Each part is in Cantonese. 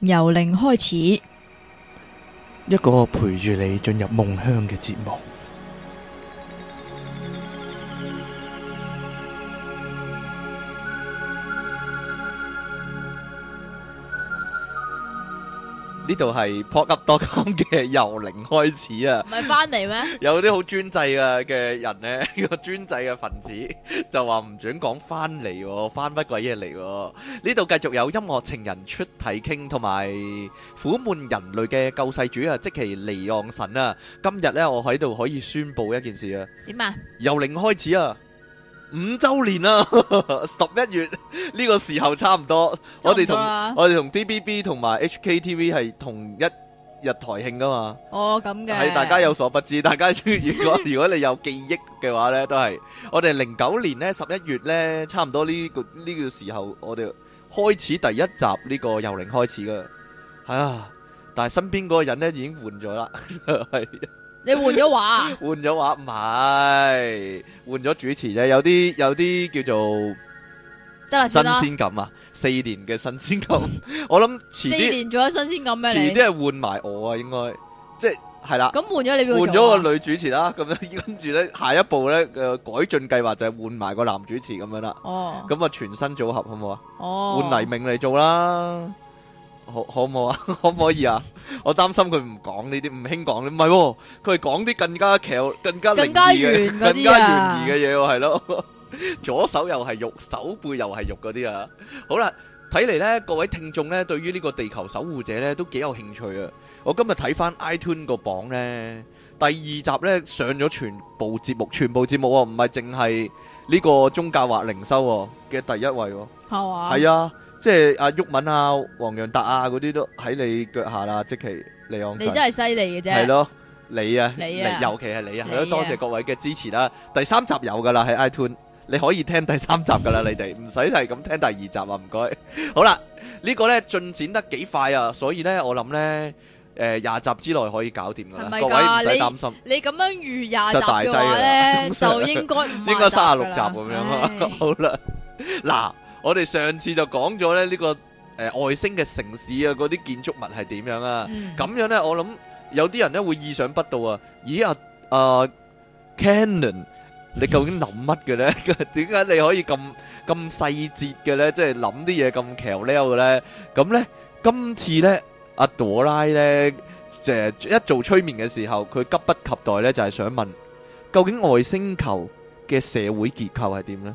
由零開始，一個陪住你進入夢鄉嘅節目。呢度係《p o c k d o c 嘅由零開始啊，唔係翻嚟咩？ 有啲好專制啊嘅人呢，個專 制嘅分子就話唔准講翻嚟，翻乜鬼嘢嚟？呢度繼續有音樂情人出題傾，同埋苦悶人類嘅救世主啊！即係離岸神啊！今日呢，我喺度可以宣布一件事啊！點啊？由零開始啊！五周年啦！十一月呢 個時候差唔多我，多我哋同我哋同 T B B 同埋 H K T V 係同一日台慶噶嘛？哦，咁嘅係大家有所不知，大家如果 如果你有記憶嘅話呢都係我哋零九年呢十一月呢，差唔多呢、這個呢、這個時候，我哋開始第一集呢個《幽靈》開始噶。係啊，但係身邊嗰個人呢已經換咗啦，係。你換咗畫？換咗畫唔係，換咗主持啫。有啲有啲叫做新鮮感啊，年感 四年嘅新鮮感。我諗遲啲四年仲有新鮮感咩？遲啲係換埋我啊，應該即係係啦。咁換咗你邊換咗個女主持啦。咁樣跟住咧，下一步咧嘅、呃、改進計劃就係換埋個男主持咁樣啦。哦。咁啊，全新組合好唔好啊？哦。換黎明嚟做啦。可可冇啊？可唔可以啊？我擔心佢唔講呢啲，唔興講。唔係喎，佢係講啲更加巧、更加靈異嘅、更加懸疑嘅嘢，係咯。左手又係肉，手背又係肉嗰啲啊！好啦，睇嚟呢，各位聽眾呢，對於呢個地球守護者呢，都幾有興趣啊！我今日睇翻 iTune 個榜呢，第二集呢上咗全部節目，全部節目喎，唔係淨係呢個宗教或靈修嘅第一位，係嘛？係啊。即係阿毓民啊、黃洋達啊嗰啲都喺你腳下啦，即其李昂。你真係犀利嘅啫。係咯，你啊，尤其係你啊，多謝各位嘅支持啦。第三集有噶啦，喺 iTune 你可以聽第三集噶啦，你哋唔使係咁聽第二集啊，唔該。好啦，呢個咧進展得幾快啊，所以咧我諗咧誒廿集之內可以搞掂噶啦，各位唔使擔心。你咁樣預廿集嘅話咧，就應該唔應該三十六集咁樣啊？好啦，嗱。我哋上次就講咗咧呢個誒外星嘅城市啊，嗰啲建築物係點樣啊？咁樣咧，我諗有啲人咧會意想不到啊！咦啊啊，Cannon，你究竟諗乜嘅咧？點解你可以咁咁細節嘅咧？即係諗啲嘢咁巧溜嘅咧？咁咧，今次咧，阿朵拉咧，就係一做催眠嘅時候，佢急不及待咧，就係想問究竟外星球嘅社會結構係點咧？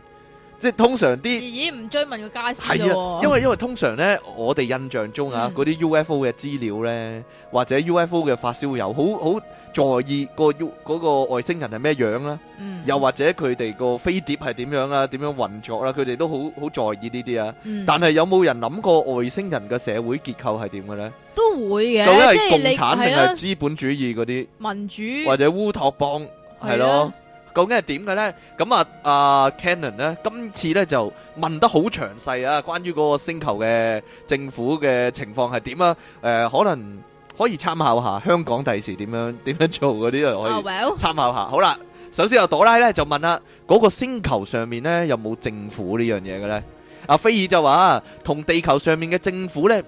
即係通常啲，唔追問個家私咯。因為因為通常咧，我哋印象中啊，嗰啲 UFO 嘅資料咧，或者 UFO 嘅發燒友，好好在意個 U 嗰個外星人係咩樣啦。又或者佢哋個飛碟係點樣啦，點樣運作啦，佢哋都好好在意呢啲啊。但係有冇人諗過外星人嘅社會結構係點嘅咧？都會嘅，即係共產定係資本主義嗰啲民主，或者烏托邦係咯。究竟係點嘅呢？咁啊，阿 Cannon 呢，今次呢就問得好詳細啊，關於嗰個星球嘅政府嘅情況係點啊？誒，可能可以參考下香港第時點樣點樣做嗰啲啊，可以參考下。好啦，首先由朵拉呢就問啦，嗰個星球上面呢有冇政府呢樣嘢嘅呢？阿菲爾就話啊，同地球上面嘅政府呢。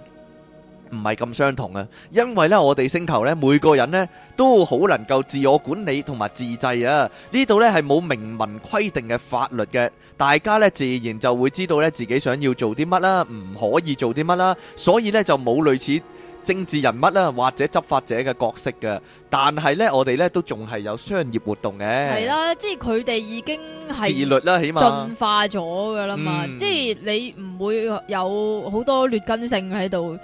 唔係咁相同啊！因為咧，我哋星球咧，每個人咧都好能夠自我管理同埋自制啊！呢度咧係冇明文規定嘅法律嘅，大家咧自然就會知道咧自己想要做啲乜啦，唔可以做啲乜啦，所以咧就冇類似政治人物啦，或者執法者嘅角色嘅。但係咧，我哋咧都仲係有商業活動嘅。係啦，即係佢哋已經係自律啦，起碼進化咗噶啦嘛，即係你唔會有好多劣根性喺度。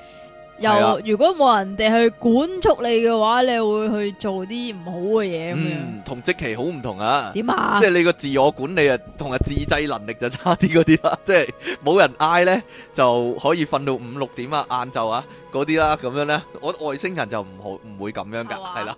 又如果冇人哋去管束你嘅話，你會去做啲唔好嘅嘢咁樣。同職期好唔同啊？點啊？即係你個自我管理啊，同埋自制能力就差啲嗰啲啦。即係冇人嗌咧，就可以瞓到五六點啊，晏晝啊嗰啲啦，咁樣咧，我外星人就唔好唔會咁樣噶，係啦。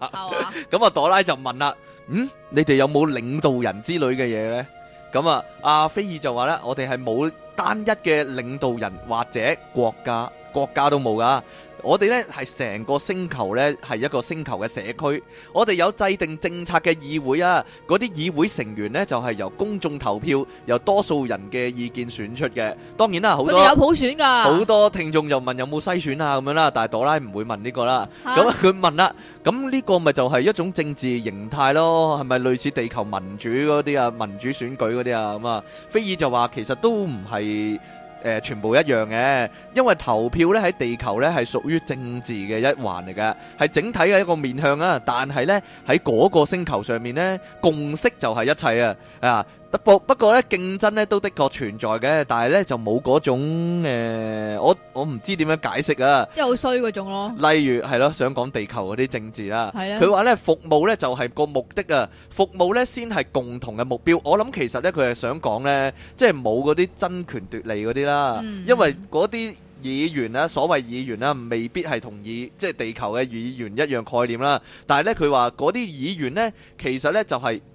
咁啊，朵拉就問啦：嗯，你哋有冇領導人之類嘅嘢咧？咁啊，阿菲爾就話咧：我哋係冇單一嘅領導人或者國家。國家都冇噶，我哋呢係成個星球呢係一個星球嘅社區，我哋有制定政策嘅議會啊，嗰啲議會成員呢就係由公眾投票，由多數人嘅意見選出嘅。當然啦，好多佢哋有普選噶，好多聽眾就問有冇篩選啊咁樣啦，但係朵拉唔會問呢個啦。咁佢問啦，咁呢個咪就係一種政治形態咯，係咪類似地球民主嗰啲啊，民主選舉嗰啲啊咁啊？菲爾就話其實都唔係。誒、呃、全部一樣嘅，因為投票咧喺地球咧係屬於政治嘅一環嚟嘅，係整體嘅一個面向啊。但係呢，喺嗰個星球上面呢，共識就係一切啊啊！不不過咧，競爭咧都的確存在嘅，但係咧就冇嗰種誒、呃，我我唔知點樣解釋啊，即係好衰嗰種咯。例如係咯，想講地球嗰啲政治啦，佢話咧服務咧就係、是、個目的啊，服務咧先係共同嘅目標。我諗其實咧佢係想講咧，即係冇嗰啲爭權奪利嗰啲啦，嗯、因為嗰啲議員啊，所謂議員啊，未必係同以即係地球嘅議員一樣概念啦。但係咧佢話嗰啲議員咧，其實咧就係、就。是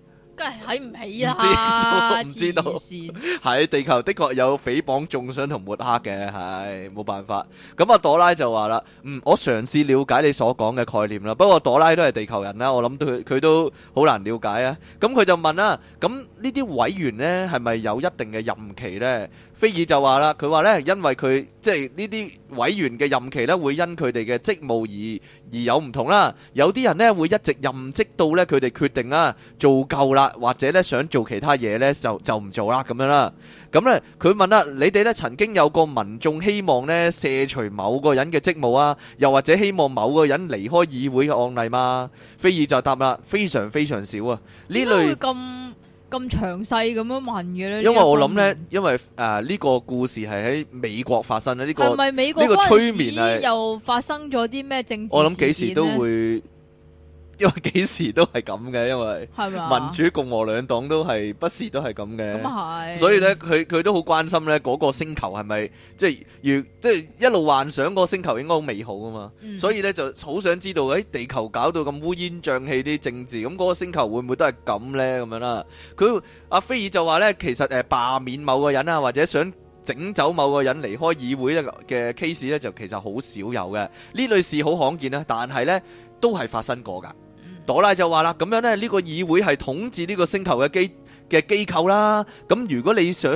真係睇唔起啊！唔知道，唔知道先。喺地球的確有誹謗、中傷同抹黑嘅，係冇辦法。咁啊，朵拉就話啦，嗯，我嘗試了解你所講嘅概念啦。不過朵拉都係地球人啦，我諗佢佢都好難了解啊。咁佢就問啦，咁呢啲委員呢，係咪有一定嘅任期呢？菲爾就話啦，佢話呢，因為佢即係呢啲委員嘅任期呢，會因佢哋嘅職務而而有唔同啦。有啲人呢，會一直任職到呢，佢哋決定啦做夠啦，或者呢，想做其他嘢呢，就就唔做啦咁樣啦。咁呢，佢問啦，「你哋呢曾經有個民眾希望呢，卸除某個人嘅職務啊，又或者希望某個人離開議會嘅案例嘛？」菲爾就答啦，非常非常少啊，呢類。咁詳細咁樣問嘅咧，因為我諗咧，因為誒呢個故事係喺美國發生咧，呢、係美國呢個催眠啊，又發生咗啲咩政治事件咧？我諗幾時都會，因為幾時都係咁嘅，因為嗎民主共和兩黨都係不時都係咁嘅，是所以呢，佢佢都好關心呢嗰、那個星球係咪即係如即係一路幻想嗰個星球應該好美好啊嘛，嗯、所以呢，就好想知道喺、哎、地球搞到咁烏煙瘴氣啲政治，咁、那、嗰個星球會唔會都係咁呢？咁樣啦、啊，佢阿菲爾就話呢，其實誒罷、呃、免某個人啊，或者想整走某個人離開議會嘅 case 呢，就其實好少有嘅呢類事好罕見啦，但係呢，都係發生過噶。朵拉就話啦，咁樣呢，呢個議會係統治呢個星球嘅機嘅機構啦。咁如果你想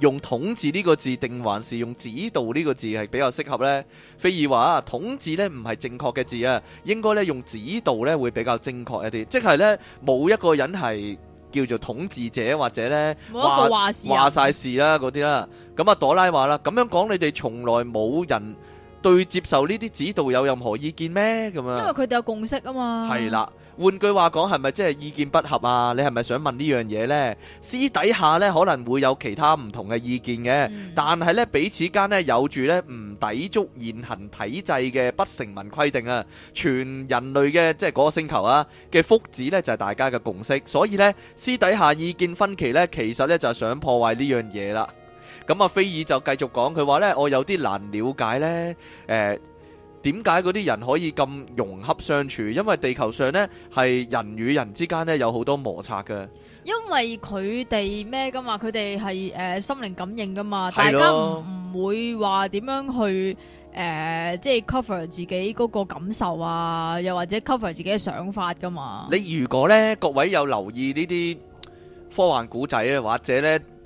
用統治呢個字定，定還是用指導呢個字係比較適合呢？菲爾話啊，統治呢唔係正確嘅字啊，應該呢用指導呢會比較正確一啲。即係呢，冇一個人係叫做統治者或者呢話事、啊、話晒事啦嗰啲啦。咁啊朵拉話啦，咁樣講你哋從來冇人。對接受呢啲指導有任何意見咩？咁啊，因為佢哋有共識啊嘛。係啦，換句話講，係咪即係意見不合啊？你係咪想問呢樣嘢呢？私底下咧可能會有其他唔同嘅意見嘅，嗯、但係咧彼此間咧有住咧唔抵觸現行體制嘅不成文規定啊。全人類嘅即係嗰個星球啊嘅福祉咧就係、是、大家嘅共識，所以咧私底下意見分歧咧其實咧就係、想破壞呢樣嘢啦。咁阿菲爾就繼續講，佢話咧，我有啲難了解咧，誒，點解嗰啲人可以咁融洽相處？因為地球上咧係人與人之間咧有好多摩擦嘅。因為佢哋咩噶嘛？佢哋係誒心靈感應噶嘛？大家唔會話點樣去誒，即係 cover 自己嗰個感受啊，又或者 cover 自己嘅想法噶嘛？你如果咧，各位有留意呢啲科幻古仔啊，或者咧？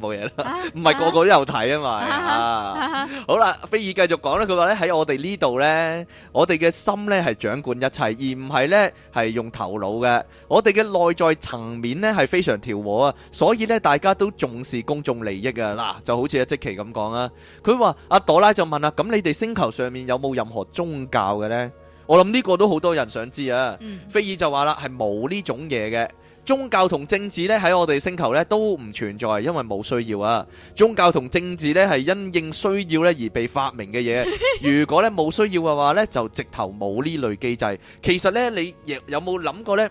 冇嘢啦，唔係個個都有睇啊嘛。好啦，菲爾繼續講啦，佢話咧喺我哋呢度呢，我哋嘅心呢係掌管一切，而唔係呢係用頭腦嘅。我哋嘅內在層面呢係非常調和啊，所以呢大家都重視公眾利益啊。嗱，就好似阿積奇咁講啊，佢話阿朵拉就問啦，咁你哋星球上面有冇任何宗教嘅呢？我諗呢個都好多人想知啊。菲爾就話啦，係冇呢種嘢嘅。宗教同政治咧喺我哋星球咧都唔存在，因為冇需要啊！宗教同政治咧係因應需要咧而被發明嘅嘢，如果咧冇需要嘅話咧就直頭冇呢類機制。其實咧你亦有冇諗過咧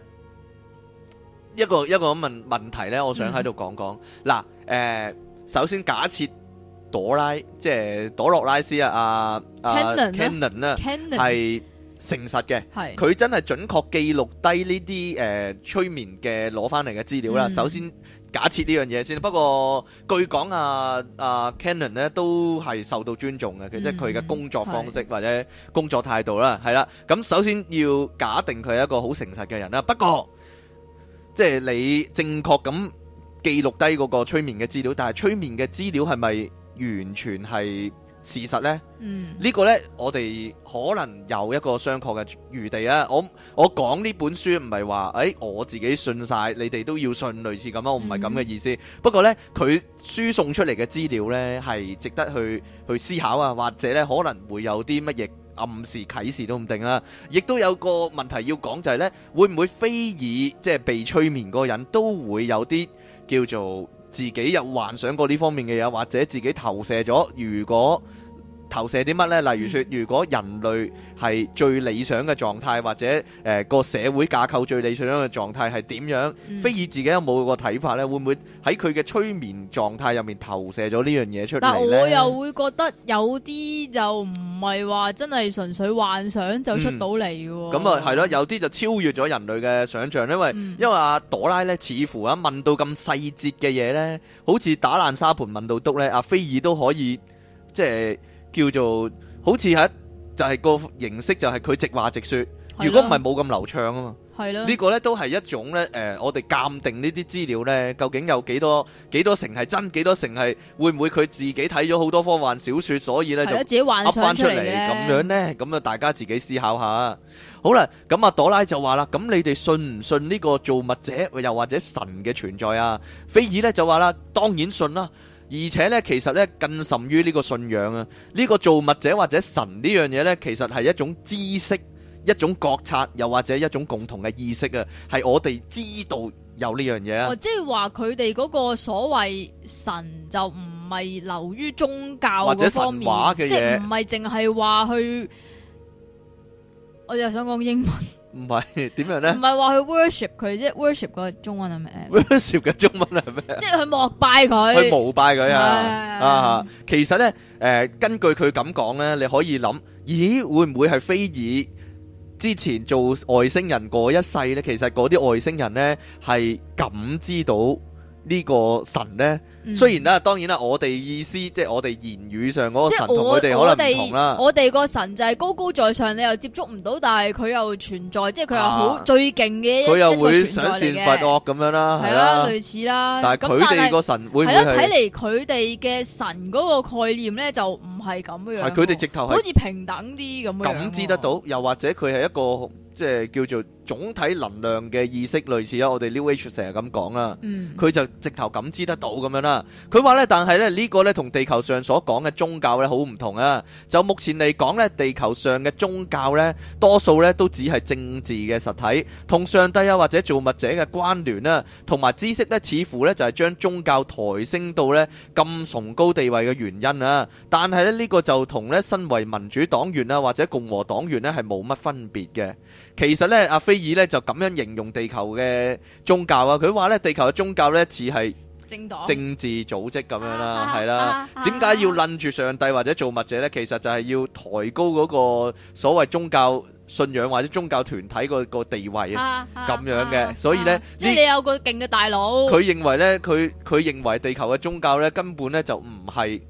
一個一個咁問問題咧？我想喺度講講嗱，誒，首先假設朵拉即係朵洛拉斯啊，啊，Cannon 咧，Cannon 咧，係。誠實嘅，佢是真係準確記錄低呢啲誒催眠嘅攞翻嚟嘅資料啦。嗯、首先假設呢樣嘢先，不過據講啊啊 Cannon 呢都係受到尊重嘅，即係佢嘅工作方式或者工作態度啦，係、嗯、是啦。咁首先要假定佢係一個好誠實嘅人啦。不過即係你正確咁記錄低嗰個催眠嘅資料，但係催眠嘅資料係咪完全係？事實呢，呢、嗯、個呢，我哋可能有一個商榷嘅餘地啊！我我講呢本書唔係話，誒我自己信晒，你哋都要信類似咁啊！我唔係咁嘅意思。嗯、不過呢，佢輸送出嚟嘅資料呢，係值得去去思考啊！或者呢，可能會有啲乜嘢暗示啟示都唔定啦。亦都有個問題要講，就係呢：會唔會非以即係被催眠嗰人都會有啲叫做？自己有幻想過呢方面嘅嘢，或者自己投射咗，如果投射啲乜呢？例如說，如果人類係最理想嘅狀態，或者誒個、呃、社會架構最理想嘅狀態係點樣？菲爾、嗯、自己有冇個睇法呢？會唔會喺佢嘅催眠狀態入面投射咗呢樣嘢出嚟咧？但我又會覺得有啲就唔係話真係純粹幻想就出到嚟嘅。咁、嗯、啊，係咯，有啲就超越咗人類嘅想象，因為、嗯、因為阿、啊、朵拉呢，似乎啊問到咁細節嘅嘢呢，好似打爛沙盤問到篤呢。阿菲爾都可以即係。即叫做好似係就係個形式就係佢直話直說，如果唔係冇咁流暢啊嘛，係咯呢個咧都係一種咧誒，我哋鑑定呢啲資料咧究竟有幾多幾多成係真，幾多成係會唔會佢自己睇咗好多科幻小說，所以咧就自己幻想出嚟咁樣咧，咁啊大家自己思考下。好啦，咁啊朵拉就話啦，咁你哋信唔信呢個造物者，又或者神嘅存在啊？菲爾咧就話啦，當然信啦。而且咧，其實咧，更甚於呢個信仰啊！呢個造物者或者神呢樣嘢咧，其實係一種知識、一種覺察，又或者一種共同嘅意識啊！係我哋知道有呢樣嘢。啊，即係話佢哋個所謂神就唔係流於宗教或者神話嘅嘢，即係唔係淨係話去。我哋又想講英文。 唔係點樣咧？唔係話去 worship 佢，即係 worship 個中文係咩？worship 嘅中文係咩？即係佢膜拜佢，佢膜拜佢啊！啊，其實咧，誒，根據佢咁講咧，你可以諗，咦，會唔會係飛爾之前做外星人嗰一世咧？其實嗰啲外星人咧係感知到呢個神咧。雖然啦，當然啦，我哋意思即係我哋言語上嗰個神我同佢哋可能唔同啦。我哋個神就係高高在上，你又接觸唔到，但係佢又存在，即係佢又好最勁嘅。佢、啊、又會賞善罰惡咁樣啦，係、啊、啦。係類似啦。但係佢哋個神會唔會係？係咯，睇嚟，佢哋嘅神嗰個概念咧、啊，就唔係咁樣。係佢哋直頭係好似平等啲咁樣，樣、啊。感知得到，又或者佢係一個即係叫做。總體能量嘅意識，類似啊，我哋 New Age 成日咁講啦，佢就直頭感知得到咁樣啦。佢話咧，但係咧呢個咧同地球上所講嘅宗教咧好唔同啊。就目前嚟講咧，地球上嘅宗教咧多數咧都只係政治嘅實體，同上帝啊或者造物者嘅關聯啦，同埋知識咧，似乎咧就係將宗教抬升到咧咁崇高地位嘅原因啊。但係咧呢個就同咧身為民主黨員啊或者共和黨員咧係冇乜分別嘅。其實咧，阿以咧就咁樣形容地球嘅宗教啊，佢話咧地球嘅宗教咧似係政黨、政治組織咁樣啦，係啦。點解要楞住上帝或者造物者咧？其實就係要抬高嗰個所謂宗教信仰或者宗教團體個個地位啊，咁樣嘅。所以咧，即係你有個勁嘅大佬。佢認為咧，佢佢認為地球嘅宗教咧根本咧就唔係。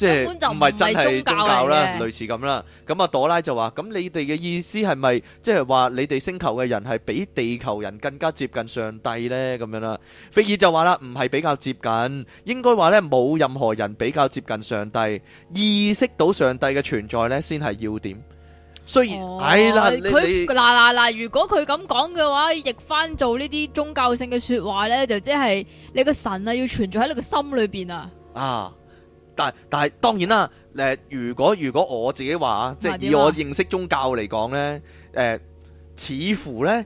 即係唔係真係宗教啦，類似咁啦。咁啊朵拉就話，咁你哋嘅意思係咪即係話你哋星球嘅人係比地球人更加接近上帝呢？咁樣啦。菲爾就話啦，唔係比較接近，應該話呢，冇任何人比較接近上帝，意識到上帝嘅存在呢，先係要點。雖然，哎啦，佢嗱嗱嗱，如果佢咁講嘅話，譯翻做呢啲宗教性嘅說話呢，就即係你個神啊，要存在喺你個心裏邊啊。啊。但但係當然啦，誒、呃、如果如果我自己話，即係以我認識宗教嚟講咧，誒、呃、似乎咧，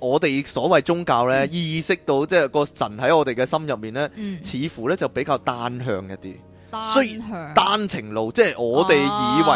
我哋所謂宗教咧，意識到即係個神喺我哋嘅心入面咧，似乎咧就比較單向一啲。雖然單程路，即係我哋以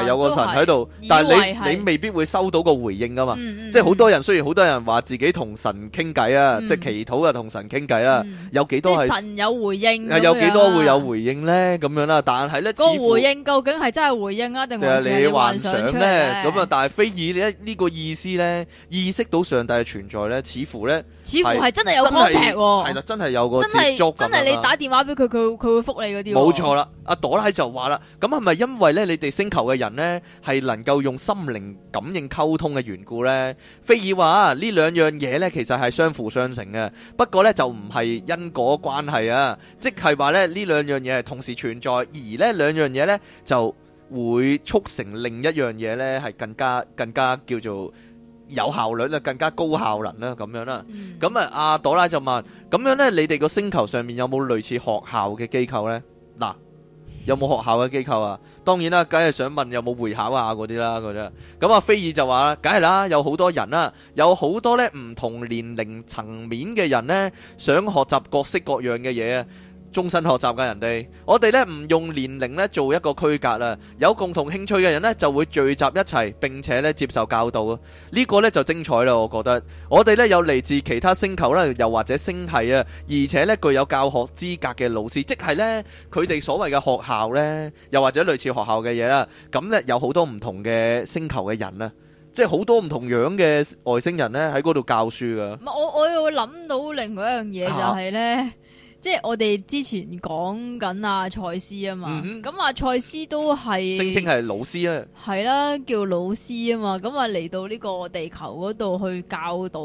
為有個神喺度，但係你你未必會收到個回應噶嘛。即係好多人雖然好多人話自己同神傾偈啊，即係祈禱啊，同神傾偈啊，有幾多係神有回應？有幾多會有回應咧？咁樣啦，但係咧，個回應究竟係真係回應啊，定還是你幻想出嚟？咁啊，但係非以呢呢個意思咧，意識到上帝嘅存在咧，似乎咧，似乎係真係有 contact 喎，係啦，真係有個接觸咁樣。真係你打電話俾佢，佢佢會覆你嗰啲。冇錯啦。阿朵拉就話啦，咁係咪因為咧你哋星球嘅人咧係能夠用心靈感應溝通嘅緣故咧？菲爾話呢兩樣嘢咧，其實係相輔相成嘅，不過咧就唔係因果關係啊，即係話咧呢兩樣嘢係同時存在，而咧兩樣嘢咧就會促成另一樣嘢咧係更加更加叫做有效率啦，更加高效能啦咁樣啦。咁啊，阿朵拉就問：咁樣咧，你哋個星球上面有冇類似學校嘅機構咧？嗱。有冇學校嘅機構啊？當然啦，梗係想問有冇會考啊嗰啲啦，咁啫。咁阿菲爾就話梗係啦，有好多人啦、啊，有好多呢唔同年齡層面嘅人呢，想學習各式各樣嘅嘢終身學習嘅人哋，我哋咧唔用年齡咧做一個區隔啦，有共同興趣嘅人咧就會聚集一齊，並且咧接受教導啊！呢個咧就精彩啦，我覺得。我哋咧有嚟自其他星球啦，又或者星系啊，而且咧具有教學資格嘅老師，即係咧佢哋所謂嘅學校咧，又或者類似學校嘅嘢啦。咁咧有好多唔同嘅星球嘅人啦，即係好多唔同樣嘅外星人咧喺嗰度教書噶。我我會諗到另外一樣嘢就係咧。即係我哋之前講緊阿賽斯啊嘛，咁阿賽斯都係聲稱係老師啊，係啦、啊、叫老師啊嘛，咁啊嚟到呢個地球嗰度去教導，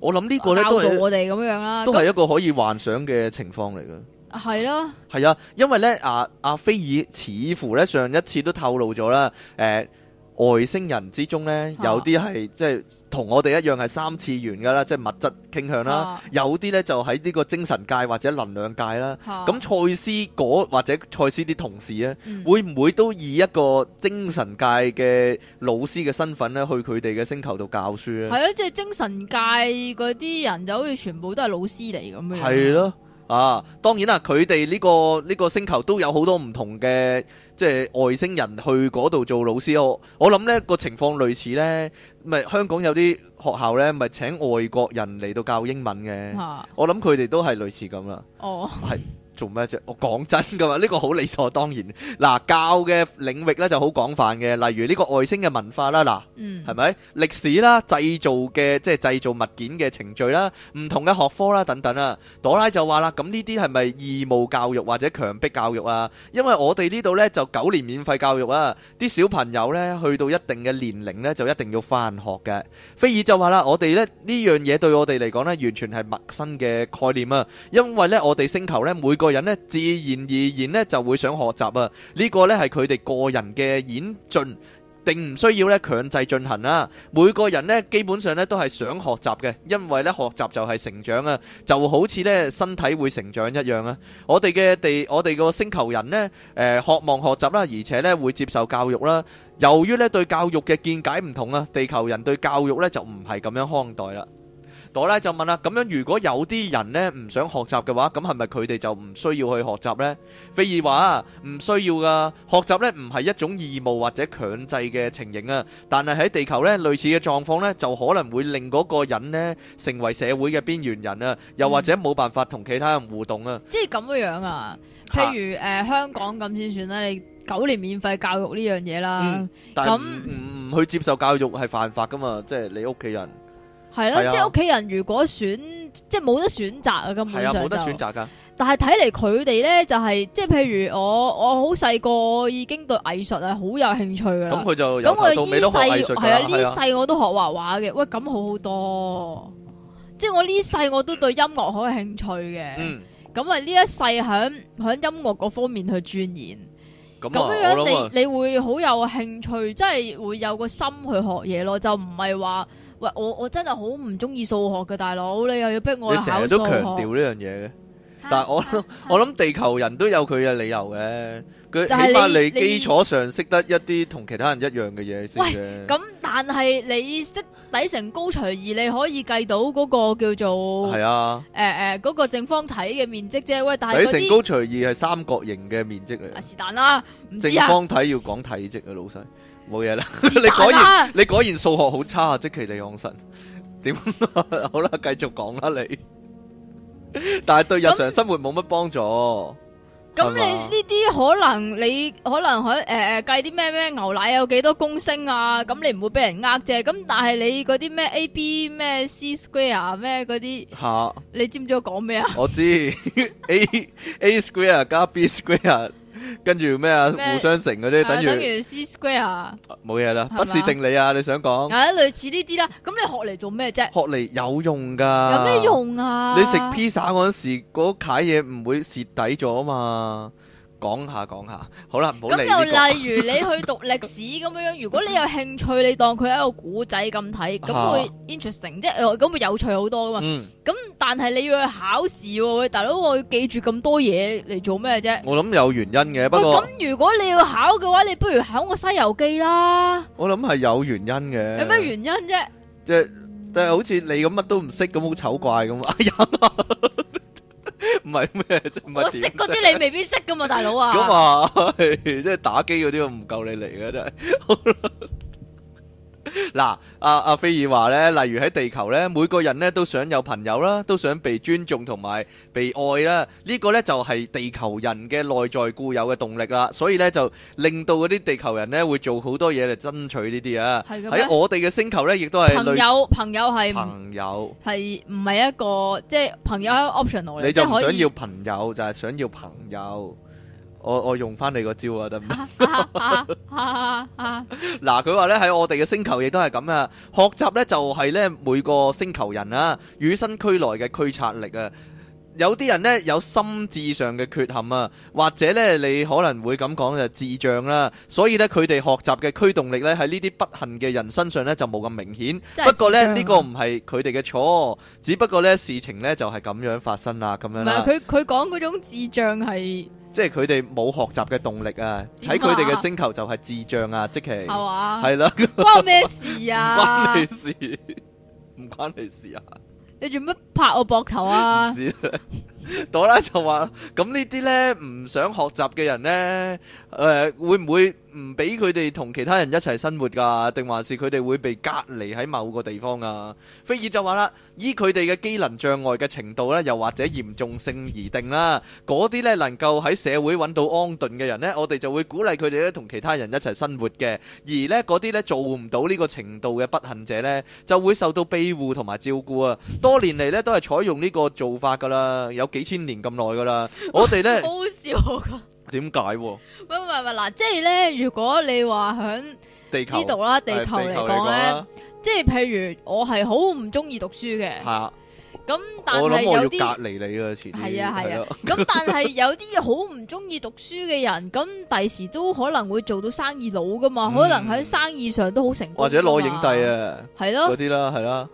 我諗呢個咧都係我哋咁樣啦，都係一個可以幻想嘅情況嚟噶，係啦那，係啊，啊，因為咧阿阿菲爾似乎咧上一次都透露咗啦，誒、欸。外星人之中呢，有啲係即係同我哋一樣係三次元㗎啦，即係物質傾向啦。啊、有啲呢，就喺呢個精神界或者能量界啦。咁賽斯嗰或者賽斯啲同事呢，嗯、會唔會都以一個精神界嘅老師嘅身份呢，去佢哋嘅星球度教書呢？係咯，即係精神界嗰啲人就好似全部都係老師嚟咁樣。係咯。啊，當然啦，佢哋呢個呢、呢個星球都有好多唔同嘅，即係外星人去嗰度做老師。我我諗呢個情況類似呢，咪香港有啲學校呢咪請外國人嚟到教英文嘅。啊、我諗佢哋都係類似咁啦。哦是，係。 做咩啫？我講真噶嘛，呢個好理所當然。嗱，教嘅領域咧就好廣泛嘅，例如呢個外星嘅文化啦，嗱，嗯，係咪歷史啦、製造嘅即係製造物件嘅程序啦、唔同嘅學科啦等等啊。朵拉就話啦，咁呢啲係咪義務教育或者強迫教育啊？因為我哋呢度咧就九年免費教育啊，啲小朋友咧去到一定嘅年齡咧就一定要翻學嘅。菲爾就話啦，我哋咧呢樣嘢對我哋嚟講咧完全係陌生嘅概念啊，因為咧我哋星球咧每個。個人咧，自然而然咧就會想學習啊！呢個咧係佢哋個人嘅演進，定唔需要咧強制進行啦。每個人咧基本上咧都係想學習嘅，因為咧學習就係成長啊，就好似咧身體會成長一樣啊！我哋嘅地，我哋個星球人咧，誒渴望學習啦，而且咧會接受教育啦。由於咧對教育嘅見解唔同啊，地球人對教育咧就唔係咁樣看待啦。朵拉就問啦：咁樣如果有啲人咧唔想學習嘅話，咁係咪佢哋就唔需要去學習咧？菲爾話：唔需要噶，學習咧唔係一種義務或者強制嘅情形啊。但係喺地球咧類似嘅狀況咧，就可能會令嗰個人咧成為社會嘅邊緣人啊，又或者冇辦法同其他人互動啊。即係咁樣樣啊？譬如誒香港咁先算啦，你九年免費教育呢樣嘢啦。咁唔去接受教育係犯法噶嘛？即係你屋企人。係咯，即係屋企人如果選，即係冇得選擇啊！根本上就冇得選擇噶，但係睇嚟佢哋咧就係，即係譬如我，我好細個已經對藝術係好有興趣噶啦。咁佢就咁我依世係啊，呢世我都學畫畫嘅。喂，咁好好多，即係我呢世我都對音樂好有興趣嘅。咁啊，呢一世響響音樂嗰方面去鑽研，咁樣樣你你會好有興趣，即係會有個心去學嘢咯，就唔係話。喂，我我真係好唔中意數學嘅，大佬，你又要逼我考數學。你成日都強調呢樣嘢嘅，哈但係我我諗地球人都有佢嘅理由嘅。佢起碼你基礎上識你得一啲同其他人一樣嘅嘢先啫。咁但係你識底乘高除二，你可以計到嗰個叫做係啊，誒誒、呃，嗰、那個正方體嘅面積啫。喂，但係底乘高除二係三角形嘅面積嚟。啊，是但啦，啊、正方體要講體積啊，老細。冇嘢啦 你，你果然你果然數學好差啊！即其你養神，點 好啦，繼續講啦你。 但係對日常生活冇乜幫助。咁、嗯、吧你呢啲可能你可能喺誒計啲咩咩牛奶有幾多公升啊？咁你唔會俾人呃啫。咁但係你嗰啲咩 A B 咩 C square 咩嗰啲，吓、啊、你知唔知我講咩啊？我知 A A square 加 B square。跟住咩麼啊？互相乘嗰啲，等於等於 C square，啊，冇嘢啦，是吧不是定理啊！你想講？誒、啊，類似呢啲啦，咁你學嚟做咩啫？學嚟有用噶？有咩用啊？你食 pizza 嗰陣時，嗰啲嘢唔會蝕底咗嘛？講下講下，好啦，唔好理。咁又例如你去讀歷史咁樣樣，如果你有興趣，你當佢係一個古仔咁睇，咁會 interesting 啫，咁會有趣好多噶嘛。咁但係你要去考試喎，大佬我要記住咁多嘢嚟做咩啫？我諗有原因嘅，不過咁如果你要考嘅話，你不如考個《西遊記》啦。我諗係有原因嘅。有咩原因啫？即係即係好似你咁乜都唔識，咁好醜怪咁。哎呀。.唔係咩？我識嗰啲你未必識㗎嘛， 大佬啊！咁啊 即係打機嗰啲我唔夠你嚟嘅真係。嗱，阿阿、啊啊、菲爾話咧，例如喺地球咧，每個人咧都想有朋友啦，都想被尊重同埋被愛啦，這個、呢個咧就係、是、地球人嘅內在固有嘅動力啦，所以咧就令到嗰啲地球人咧會做好多嘢嚟爭取呢啲啊。係嘅。喺我哋嘅星球咧，亦都係。朋友，朋友係朋友，係唔係一個即係朋友喺 option 嚟。你就想要朋友，就係想要朋友。我我用翻你個招可可 啊，得唔得？嗱、啊，佢話咧喺我哋嘅星球亦都係咁啊！學習咧就係、是、咧每個星球人啊，與生俱來嘅驅策力啊！有啲人呢，有心智上嘅缺陷啊，或者咧你可能會咁講就智障啦、啊。所以咧佢哋學習嘅驅動力咧喺呢啲不幸嘅人身上咧就冇咁明顯。啊、不過咧呢、這個唔係佢哋嘅錯，只不過咧事情咧就係、是、咁樣發生啦，咁樣、啊。唔係佢佢講嗰種智障係。即係佢哋冇學習嘅動力啊！喺佢哋嘅星球就係智障啊！即係係嘛，係啦吧， 關我咩事啊？關你事？唔關你事啊？你做乜拍我膊頭啊？ 知道 朵拉就話：咁呢啲咧唔想學習嘅人咧，誒會唔會唔俾佢哋同其他人一齊生活噶？定還是佢哋會被隔離喺某個地方啊？菲爾就話啦：依佢哋嘅機能障礙嘅程度咧，又或者嚴重性而定啦。嗰啲咧能夠喺社會揾到安頓嘅人咧，我哋就會鼓勵佢哋咧同其他人一齊生活嘅。而咧嗰啲咧做唔到呢個程度嘅不幸者咧，就會受到庇護同埋照顧啊。多年嚟咧都係採用呢個做法噶啦。有幾？幾千年咁耐噶啦，我哋咧，好笑噶點解？唔，喂，喂，喂嗱，即係咧，如果你話響地球呢度啦，地球嚟講咧，即係譬如我係好唔中意讀書嘅，係啊，咁但係有啲隔離你嘅，係啊係啊，咁但係有啲好唔中意讀書嘅人，咁第時都可能會做到生意佬噶嘛，可能喺生意上都好成功，或者攞影帝啊，係咯，嗰啲啦，係啦。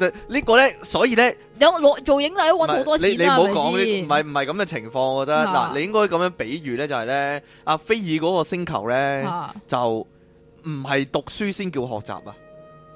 個呢個咧，所以呢，有做影帝都搵好多錢啊！你你唔好講，唔係唔係咁嘅情況，我覺得嗱、啊，你應該咁樣比喻呢、就是，就係呢，阿菲爾嗰個星球呢，啊、就唔係讀書先叫學習啊，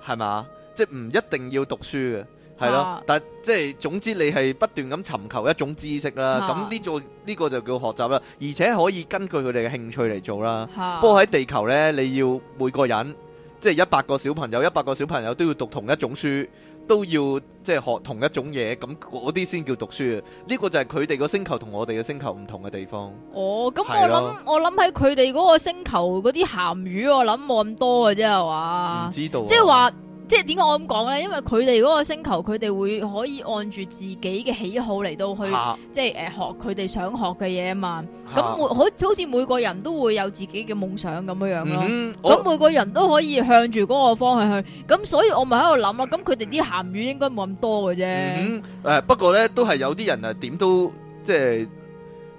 係咪？即係唔一定要讀書嘅，係、啊、咯。但即係總之，你係不斷咁尋求一種知識啦，咁呢做呢個就叫學習啦，而且可以根據佢哋嘅興趣嚟做啦。啊、不過喺地球呢，你要每個人即係一百個小朋友，一百個小朋友都要讀同一種書。都要即係學同一種嘢，咁嗰啲先叫讀書。呢個就係佢哋個星球同我哋嘅星球唔同嘅地方。哦，咁我諗我諗喺佢哋嗰個星球嗰啲鹹魚，我諗冇咁多嘅啫，係嘛？知道、啊，即係話。即係點解我咁講咧？因為佢哋嗰個星球，佢哋會可以按住自己嘅喜好嚟到去，哈即係誒、呃、學佢哋想學嘅嘢啊嘛。咁哈好好似每個人都會有自己嘅夢想咁樣樣咯。咁、嗯、每個人都可以向住嗰個方向去。咁所以我咪喺度諗啦。咁佢哋啲鹹魚應該冇咁多嘅啫。誒、嗯呃，不過咧都係有啲人啊，點都即係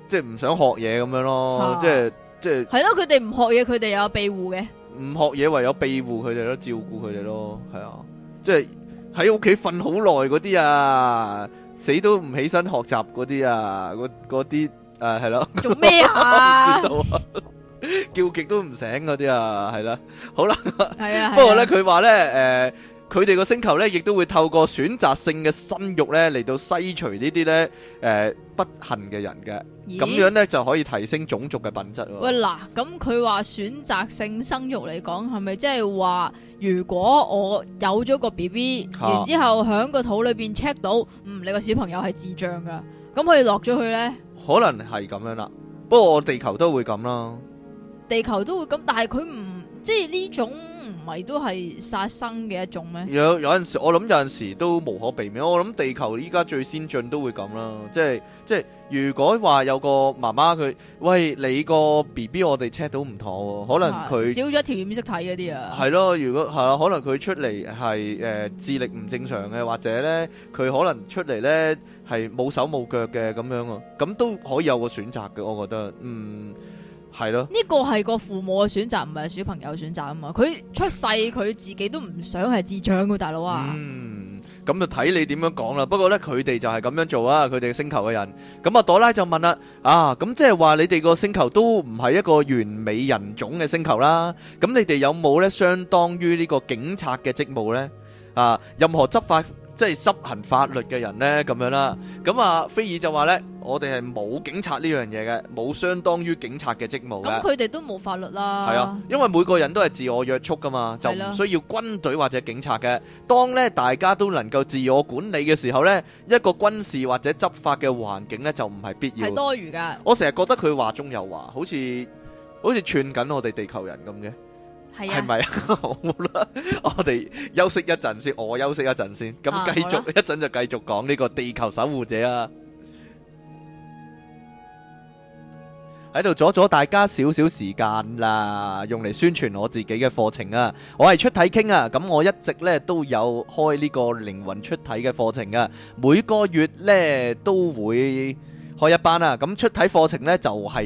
即係唔想學嘢咁樣咯。即係即係係咯，佢哋唔學嘢，佢哋又有庇護嘅。唔學嘢，唯有庇護佢哋咯，照顧佢哋咯，係啊，即係喺屋企瞓好耐嗰啲啊，死都唔起身學習嗰啲啊，嗰啲誒係咯，做咩啊？我唔知啊，叫極都唔醒嗰啲啊，係啦、啊 啊 啊啊，好啦，係啊，啊啊 不過咧佢話咧誒。佢哋個星球咧，亦都會透過選擇性嘅生育咧嚟到篩除呢啲咧誒不幸嘅人嘅，咁、欸、樣咧就可以提升種族嘅品質咯。喂，嗱，咁佢話選擇性生育嚟講，係咪即係話如果我有咗個 B B，然之後響個肚裏邊 check 到，啊、嗯，你個小朋友係智障噶，咁佢哋落咗去咧？可能係咁樣啦，不過我地球都會咁啦，地球都會咁，但係佢唔即係呢種。咪都係殺生嘅一種咩？有有陣時，我諗有陣時都無可避免。我諗地球依家最先進都會咁啦，即係即係，如果話有個媽媽佢，喂，你個 BB，我哋 check 到唔妥，啊，可能佢，啊、少咗一條染色體嗰啲啊。係咯，如果係啦，可能佢出嚟係誒智力唔正常嘅，或者咧佢可能出嚟咧係冇手冇腳嘅咁樣啊，咁都可以有個選擇嘅，我覺得嗯。係咯，呢個係個父母嘅選擇，唔係小朋友選擇啊嘛！佢出世佢自己都唔想係智障噶，大佬啊！嗯，咁就睇你點樣講啦。不過呢，佢哋就係咁樣做啊！佢哋星球嘅人，咁啊朵拉就問啦：啊，咁即係話你哋個星球都唔係一個完美人種嘅星球啦。咁你哋有冇呢？相當於呢個警察嘅職務呢？啊，任何執法。即係執行法律嘅人呢，咁樣啦。咁啊，菲爾就話呢，我哋係冇警察呢樣嘢嘅，冇相當於警察嘅職務。咁佢哋都冇法律啦。係啊，因為每個人都係自我約束噶嘛，就唔需要軍隊或者警察嘅。當呢，大家都能夠自我管理嘅時候呢，一個軍事或者執法嘅環境呢，就唔係必要。係多餘噶。我成日覺得佢話中有話，好似好似串緊我哋地球人咁嘅。係咪好啦， 我哋休息一陣先，我休息一陣先，咁繼續、啊、一陣就繼續講呢個地球守護者啊。喺度 阻咗大家少少時間啦，用嚟宣傳我自己嘅課程啊。我係出體傾啊，咁我一直呢都有開呢個靈魂出體嘅課程啊。每個月呢都會。開一班啦，咁出體課程呢就係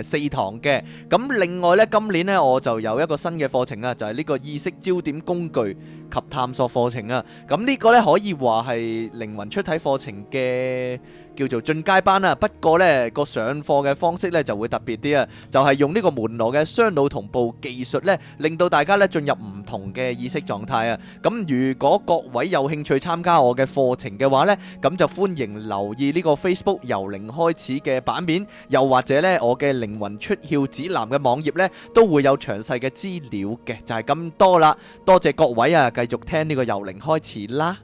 誒四堂嘅，咁另外呢今年呢我就有一個新嘅課程啊，就係呢個意識焦點工具及探索課程啊，咁呢個呢可以話係靈魂出體課程嘅叫做進階班啊，不過呢個上課嘅方式呢就會特別啲啊，就係用呢個門羅嘅雙腦同步技術呢，令到大家呢進入唔同嘅意識狀態啊，咁如果各位有興趣參加我嘅課程嘅話呢，咁就歡迎留意呢個 Facebook 遊靈開始嘅版面，又或者呢，我嘅靈魂出竅指南嘅網頁呢，都會有詳細嘅資料嘅，就係咁多啦。多謝各位啊，繼續聽呢個由零開始啦。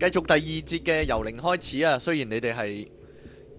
繼續第二節嘅由零開始啊，雖然你哋係。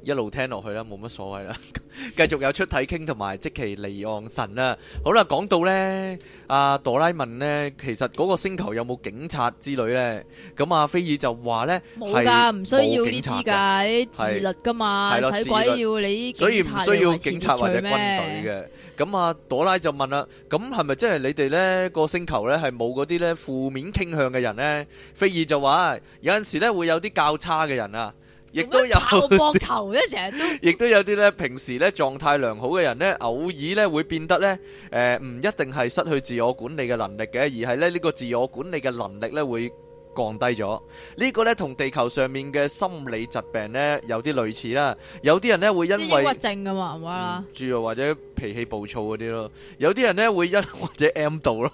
一路聽落去啦，冇乜所謂啦。 繼續有出體傾同埋即其離岸神啦。好啦，講到呢，阿、啊、朵拉問呢，其實嗰個星球有冇警察之類呢？咁、啊、阿菲爾就話呢，的「冇㗎，唔需要呢啲之㗎，是自律㗎嘛，使的鬼要你警察，所以唔需要警察或者軍隊嘅。咁阿朵拉就問啦，咁係咪即係你哋呢、呢個星球呢？係冇嗰啲呢負面傾向嘅人呢？」菲爾就話：有陣時呢會有啲較差嘅人，人啊。亦都有，亦、啊、都， 都有啲咧，平時咧狀態良好嘅人咧，偶爾咧會變得咧，誒、呃、唔一定係失去自我管理嘅能力嘅，而係咧呢、呢個自我管理嘅能力咧會，降低咗呢、這個呢，同地球上面嘅心理疾病呢，有啲類似啦。有啲人呢，會因為抑鬱症噶嘛，唔好啦，住啊或者脾氣暴躁嗰啲咯。有啲人呢，會因或者 M 度咯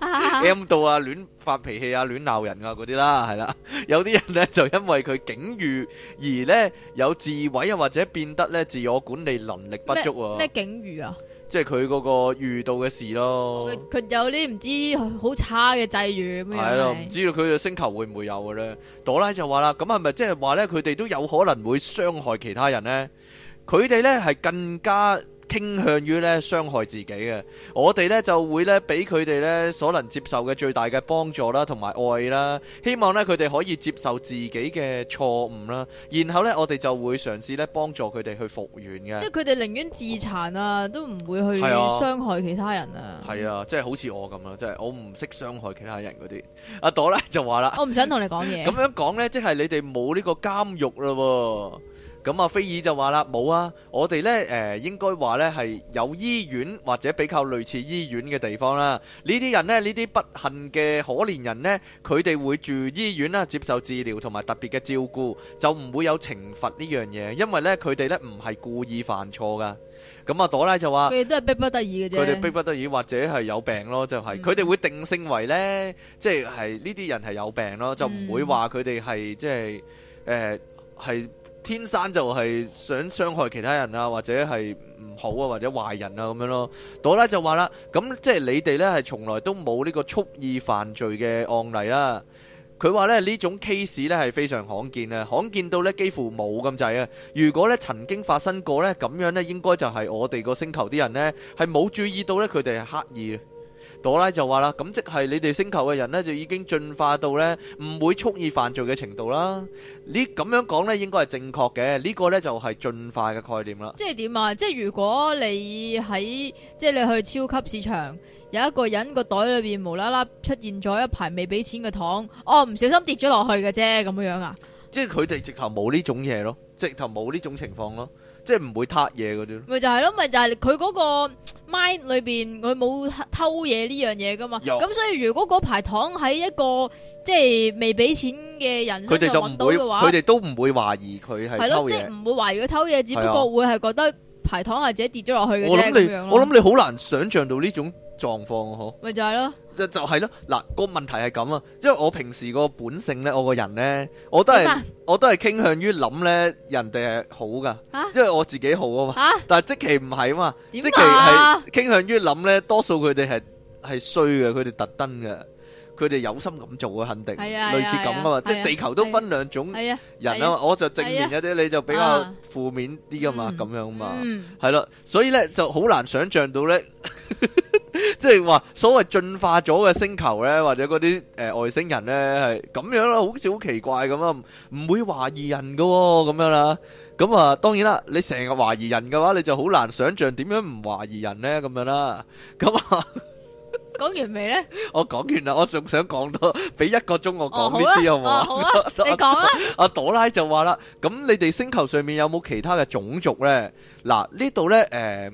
，M 度啊，亂發脾氣啊，亂鬧人啊嗰啲啦，係啦。 有啲人呢，就因為佢境遇，而呢，有自毀啊，或者變得呢，自我管理能力不足啊。咩境遇啊？即係佢嗰個遇到嘅事咯，佢有啲唔知好差嘅際遇咁樣。係咯，唔知道佢嘅星球會唔會有嘅咧？朵拉就話啦，咁係咪即係話咧？佢哋都有可能會傷害其他人咧？佢哋咧係更加，傾向於咧傷害自己嘅，我哋咧就會咧俾佢哋咧所能接受嘅最大嘅幫助啦，同埋愛啦，希望咧佢哋可以接受自己嘅錯誤啦，然後咧我哋就會嘗試咧幫助佢哋去復原嘅。即係佢哋寧願自殘啊，都唔會去傷害其他人啊。係啊，係啊，即係好似我咁啊，即係我唔識傷害其他人嗰啲。阿朵咧就話啦，我唔想同你講嘢。咁樣講咧，即係你哋冇呢個監獄啦喎。咁阿菲爾就話啦，冇啊，我哋呢誒、呃，應該話呢係有醫院或者比較類似醫院嘅地方啦。呢啲人呢，呢啲不幸嘅可憐人呢，佢哋會住醫院啦，接受治療同埋特別嘅照顧，就唔會有懲罰呢樣嘢，因為呢，佢哋呢唔係故意犯錯噶。咁阿朵拉就話佢哋都係逼不得已嘅啫，佢哋逼不得已或者係有病咯，就係佢哋會定性為呢，即係呢啲人係有病咯，就唔會話佢哋係即係誒係。呃天生就係想傷害其他人啊，或者係唔好啊，或者壞人啊咁樣咯。朵拉就話啦：咁即係你哋呢係從來都冇呢個蓄意犯罪嘅案例啦。佢話呢，呢種 case 呢係非常罕見啊，罕見到呢幾乎冇咁滯啊。如果呢曾經發生過呢，咁樣呢應該就係我哋個星球啲人呢係冇注意到呢，佢哋係刻意。朵拉就話啦：咁即係你哋星球嘅人咧，就已經進化到咧唔會蓄意犯罪嘅程度啦。你咁樣講咧，應該係正確嘅。呢個咧就係進化嘅概念啦。即係點啊？即係如果你喺即係你去超級市場，有一個人個袋裏邊無啦啦出現咗一排未俾錢嘅糖，哦唔小心跌咗落去嘅啫，咁樣啊？即係佢哋直頭冇呢種嘢咯，直頭冇呢種情況咯，即係唔會撻嘢嗰啲。咪就係咯，咪就係佢嗰個。mind 裏邊佢冇偷嘢呢樣嘢噶嘛，咁肉 所以如果嗰排糖喺一個即係未俾錢嘅人身上揾到嘅話，佢哋都唔會懷疑佢係偷嘢，即係唔會懷疑佢偷嘢，對了 只不過會係覺得排檔或者跌咗落去嘅一樣咯，我諗你我諗你好難想象到呢種狀況啊！嗬，咪就係咯，就就係咯，嗱個問題係咁啊，因為我平時個本性咧，我個人咧，我都係我都係傾向於諗咧，人哋係好噶，因為我自己好啊嘛，但係即其唔係啊嘛，即其係傾向於諗咧，多數佢哋係係衰嘅，佢哋特登嘅。佢哋有心咁做啊，肯定，類似咁噶嘛，即係地球都分兩種人啊，我就正面一啲你就比較負面啲噶嘛，咁樣嘛，係咯，所以咧就好難想像到咧，即係話所謂進化咗嘅星球咧，或者嗰啲誒外星人咧係咁樣啦，好似好奇怪咁樣，唔會懷疑人噶喎，咁樣啦，咁啊當然啦，你成日懷疑人嘅話，你就好難想像點樣唔懷疑人咧，咁樣啦，咁啊。講完未咧？我講完啦，我仲想講多俾一個鐘我講呢啲啊！好啊，好啊，你講啦。阿朵拉就話啦：咁你哋星球上面有冇其他嘅種族咧？嗱，呢度咧，誒，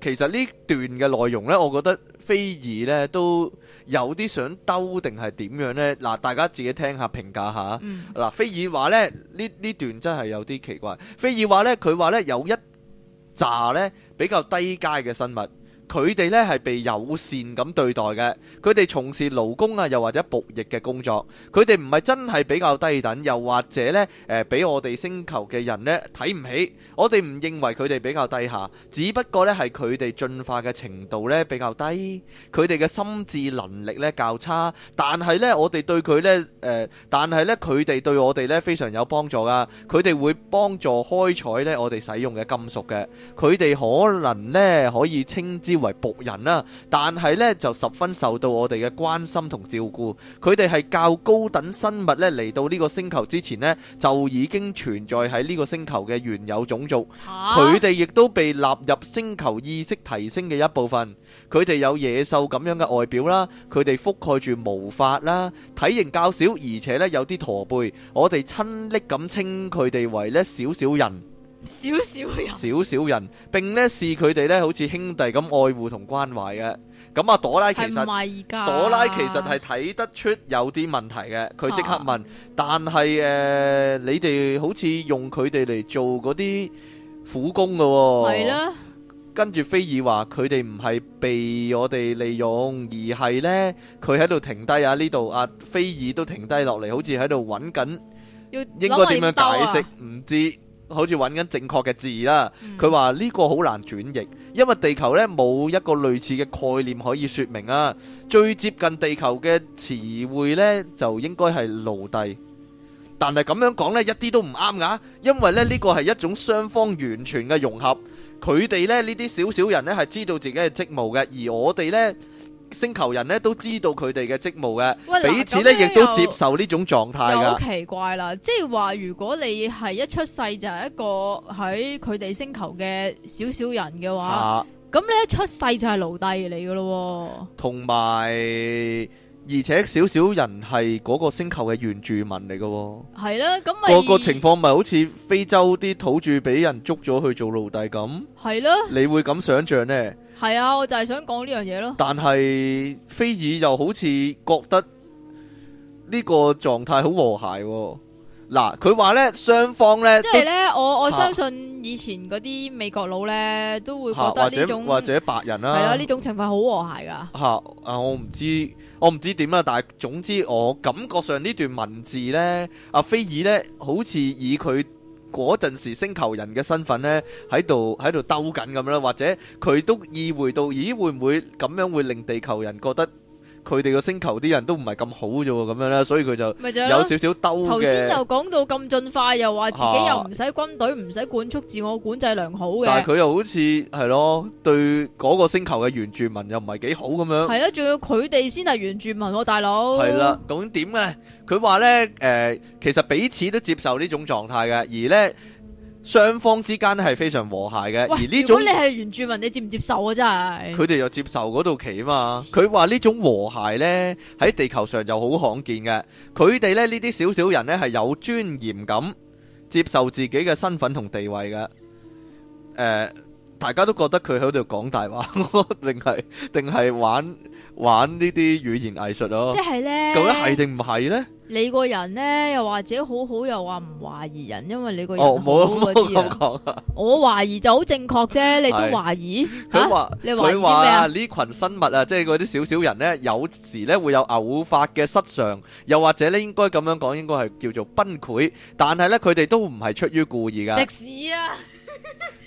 其實呢段嘅內容咧，我覺得菲爾咧都有啲想兜定係點樣咧。嗱，大家自己聽下評價下。嗱，菲爾話咧呢呢段真係有啲奇怪。菲爾話咧佢話咧有一扎咧比較低階嘅生物。佢哋咧係被友善咁對待嘅，佢哋從事勞工啊，又或者僕役嘅工作，佢哋唔係真係比較低等，又或者咧誒，俾我哋星球嘅人咧睇唔起，我哋唔認為佢哋比較低下，只不過咧係佢哋進化嘅程度咧比較低，佢哋嘅心智能力咧較差，但係咧我哋對佢咧誒，但係咧佢哋對我哋咧非常有幫助啊！佢哋會幫助開採咧我哋使用嘅金屬嘅，佢哋可能咧可以稱之為僕人啦，但係咧就十分受到我哋嘅關心同照顧。佢哋係較高等生物咧嚟到呢個星球之前呢，就已經存在喺呢個星球嘅原有種族。佢哋、啊、亦都被納入星球意識提升嘅一部分。佢哋有野獸咁樣嘅外表啦，佢哋覆蓋住毛髮啦，體型較小而且咧有啲駝背。我哋親昵咁稱佢哋為呢小小人。少少人，少少人，並呢視佢哋呢好似兄弟咁愛護同關懷嘅。咁啊，朵拉其實朵拉其實係睇得出有啲問題嘅，佢即刻問。但係誒，你哋好似用佢哋嚟做嗰啲苦工㗎？係啦。跟住菲爾話：佢哋唔係被我哋利用，而係呢佢喺度停低啊！呢度啊，菲爾都停低落嚟，好似喺度揾緊，要應該點樣解釋？唔知。好似揾緊正確嘅字啦，佢話呢個好難轉譯，因為地球呢冇一個類似嘅概念可以說明啊。最接近地球嘅詞彙呢，就應該係奴隸。但係咁樣講呢，一啲都唔啱噶，因為呢呢個係一種雙方完全嘅融合。佢哋呢，呢啲少少人呢係知道自己嘅職務嘅，而我哋呢。星球人咧都知道佢哋嘅職務嘅，彼此咧亦都接受呢種狀態噶。好奇怪啦，即係話如果你係一出世就係一個喺佢哋星球嘅少少人嘅話，咁你一出世就係奴隸嚟噶咯。同埋，而且少少人係嗰個星球嘅原住民嚟噶，係啦。咁咪個情況咪好似非洲啲土著俾人捉咗去做奴隸咁？係咯，你會咁想象呢？係啊，我就係想講呢樣嘢咯。但係菲爾又好似覺得呢個狀態好和諧，哦。嗱，佢話呢，雙方呢，即係呢，都我我相信以前嗰啲美國佬呢，啊、都會覺得呢種、啊、或者、或者白人啦係啊，呢、啊、種情況好和諧噶。吓，啊，我唔知，我唔知點啦。但係總之，我感覺上呢段文字呢，阿菲爾呢，好似以佢。嗰陣時星球人嘅身份咧喺度喺度兜緊咁啦，或者佢都意會到，咦，會唔會咁樣會令地球人覺得？佢哋個星球啲人都唔係咁好啫喎，咁樣咧，所以佢就，就有少少兜。頭先又講到咁進化，又話自己又唔使軍隊，唔使、啊、管束，自我管制良好嘅。但係佢又好似係咯，對嗰個星球嘅原住民又唔係幾好咁樣。係啊，仲要佢哋先係原住民喎，大佬。係啦，咁究竟點呢？佢話呢，誒、呃，其實彼此都接受呢種狀態嘅，而呢。雙方之間係非常和諧嘅，喂而呢種如果你係原住民，你接唔接受啊？真係佢哋又接受嗰度企啊嘛，佢話呢種和諧呢，喺地球上就好罕見嘅，佢哋呢呢啲少少人呢，係有尊嚴感，接受自己嘅身份同地位嘅，誒、呃。大家都覺得佢喺度講大話，定係定係玩玩呢啲語言藝術咯？即係咧，究竟係定唔係咧？你個人咧又或者好好，又話唔懷疑人，因為你個人唔好嗰啲人。我懷疑就好正確啫，你都懷疑？佢話佢話呢群生物啊，即係嗰啲少少人咧，有時咧會有偶發嘅失常，又或者咧應該咁樣講，應該係叫做崩潰。但係咧，佢哋都唔係出於故意噶。食屎啊！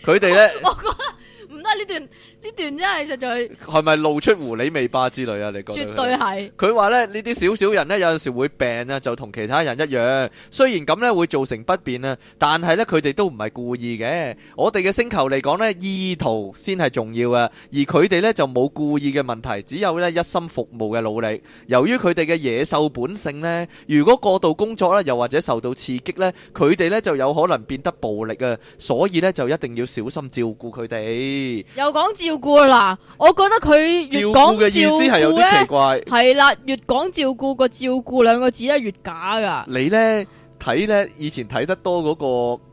佢哋咧，我覺得唔得呢段。呢段真係實在係，係咪露出狐狸尾巴之類啊？你講？絕對係。佢話咧，呢啲少少人咧，有陣時會病啊，就同其他人一樣。雖然咁咧會造成不便啊，但係咧佢哋都唔係故意嘅。我哋嘅星球嚟講咧，意圖先係重要啊。而佢哋咧就冇故意嘅問題，只有咧一心服務嘅努力。由於佢哋嘅野獸本性咧，如果過度工作啦，又或者受到刺激咧，佢哋咧就有可能變得暴力啊。所以咧就一定要小心照顧佢哋。又講照。照顧啦，我覺得佢越講照顧嘅意思係有啲奇怪，係 啦，越講照顧個照顧兩個字咧越假噶。你咧睇咧以前睇得多嗰個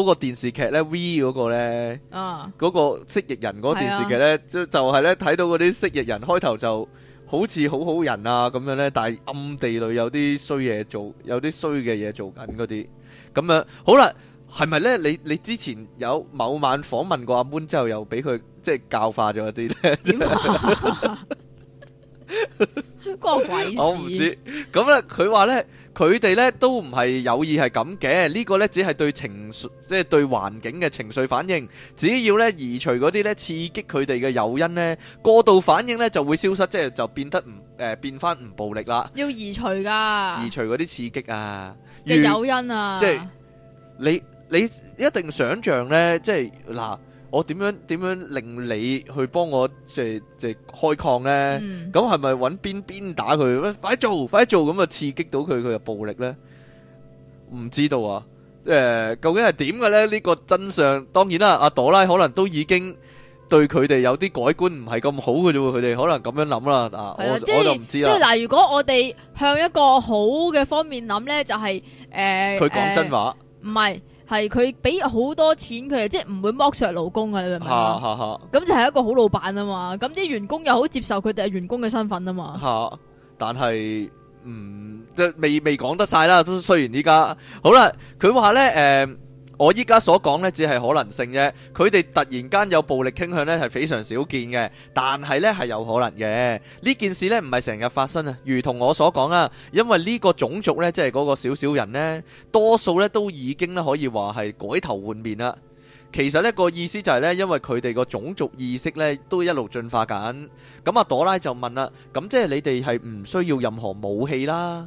嗰個電視劇咧 V 嗰個咧，啊，嗰個蜥蜴人嗰個電視劇咧是、啊，就就係咧睇到嗰啲蜥蜴人開頭就好似好好人啊咁樣咧，但係暗地裏有啲衰嘢做，有啲衰嘅嘢做緊嗰啲，咁樣好啦。係咪咧？你你之前有某晚訪問過阿 moon 之後又，又俾佢即係教化咗一啲咧？關 我鬼事！我唔知咁咧。佢話咧，佢哋咧都唔係有意係咁嘅。這個、呢個咧只係對情緒，即係對環境嘅情緒反應。只要咧移除嗰啲咧刺激佢哋嘅誘因咧，過度反應咧就會消失，即係就變得唔誒、呃、變翻唔暴力啦。要移除噶，移除嗰啲刺激啊嘅誘因啊，即係你。你一定想象咧，即係嗱，我點樣點樣令你去幫我即係即係開礦咧？咁係咪揾邊邊打佢，欸？快做快做咁啊！刺激到佢，佢就暴力咧？唔知道啊！誒、呃，究竟係點嘅咧？呢、呢個真相，當然啦，阿朵拉可能都已經對佢哋有啲改觀，唔係咁好嘅啫喎。佢哋可能咁樣諗啦。的我是我就唔知啦。即係嗱、呃，如果我哋向一個好嘅方面諗咧，就係、是、誒，佢、呃、講真話、呃，唔係。係佢俾好多錢，佢又即係唔會剝削老公嘅，你明唔明？咁就係一個好老闆啊嘛，咁啲員工又好接受佢哋係員工嘅身份啊嘛。嚇！但係唔即係未未講得晒啦，都、嗯、雖然依家好啦，佢話咧誒。呃我依家所講呢，只係可能性啫。佢哋突然間有暴力傾向呢，係非常少見嘅。但係呢，係有可能嘅。呢件事呢，唔係成日發生啊。如同我所講啦，因為呢個種族呢，即係嗰個少少人呢，多數呢都已經呢可以話係改頭換面啦。其實呢個意思就係呢，因為佢哋個種族意識呢都一路進化緊。咁啊，朵拉就問啦：咁即係你哋係唔需要任何武器啦？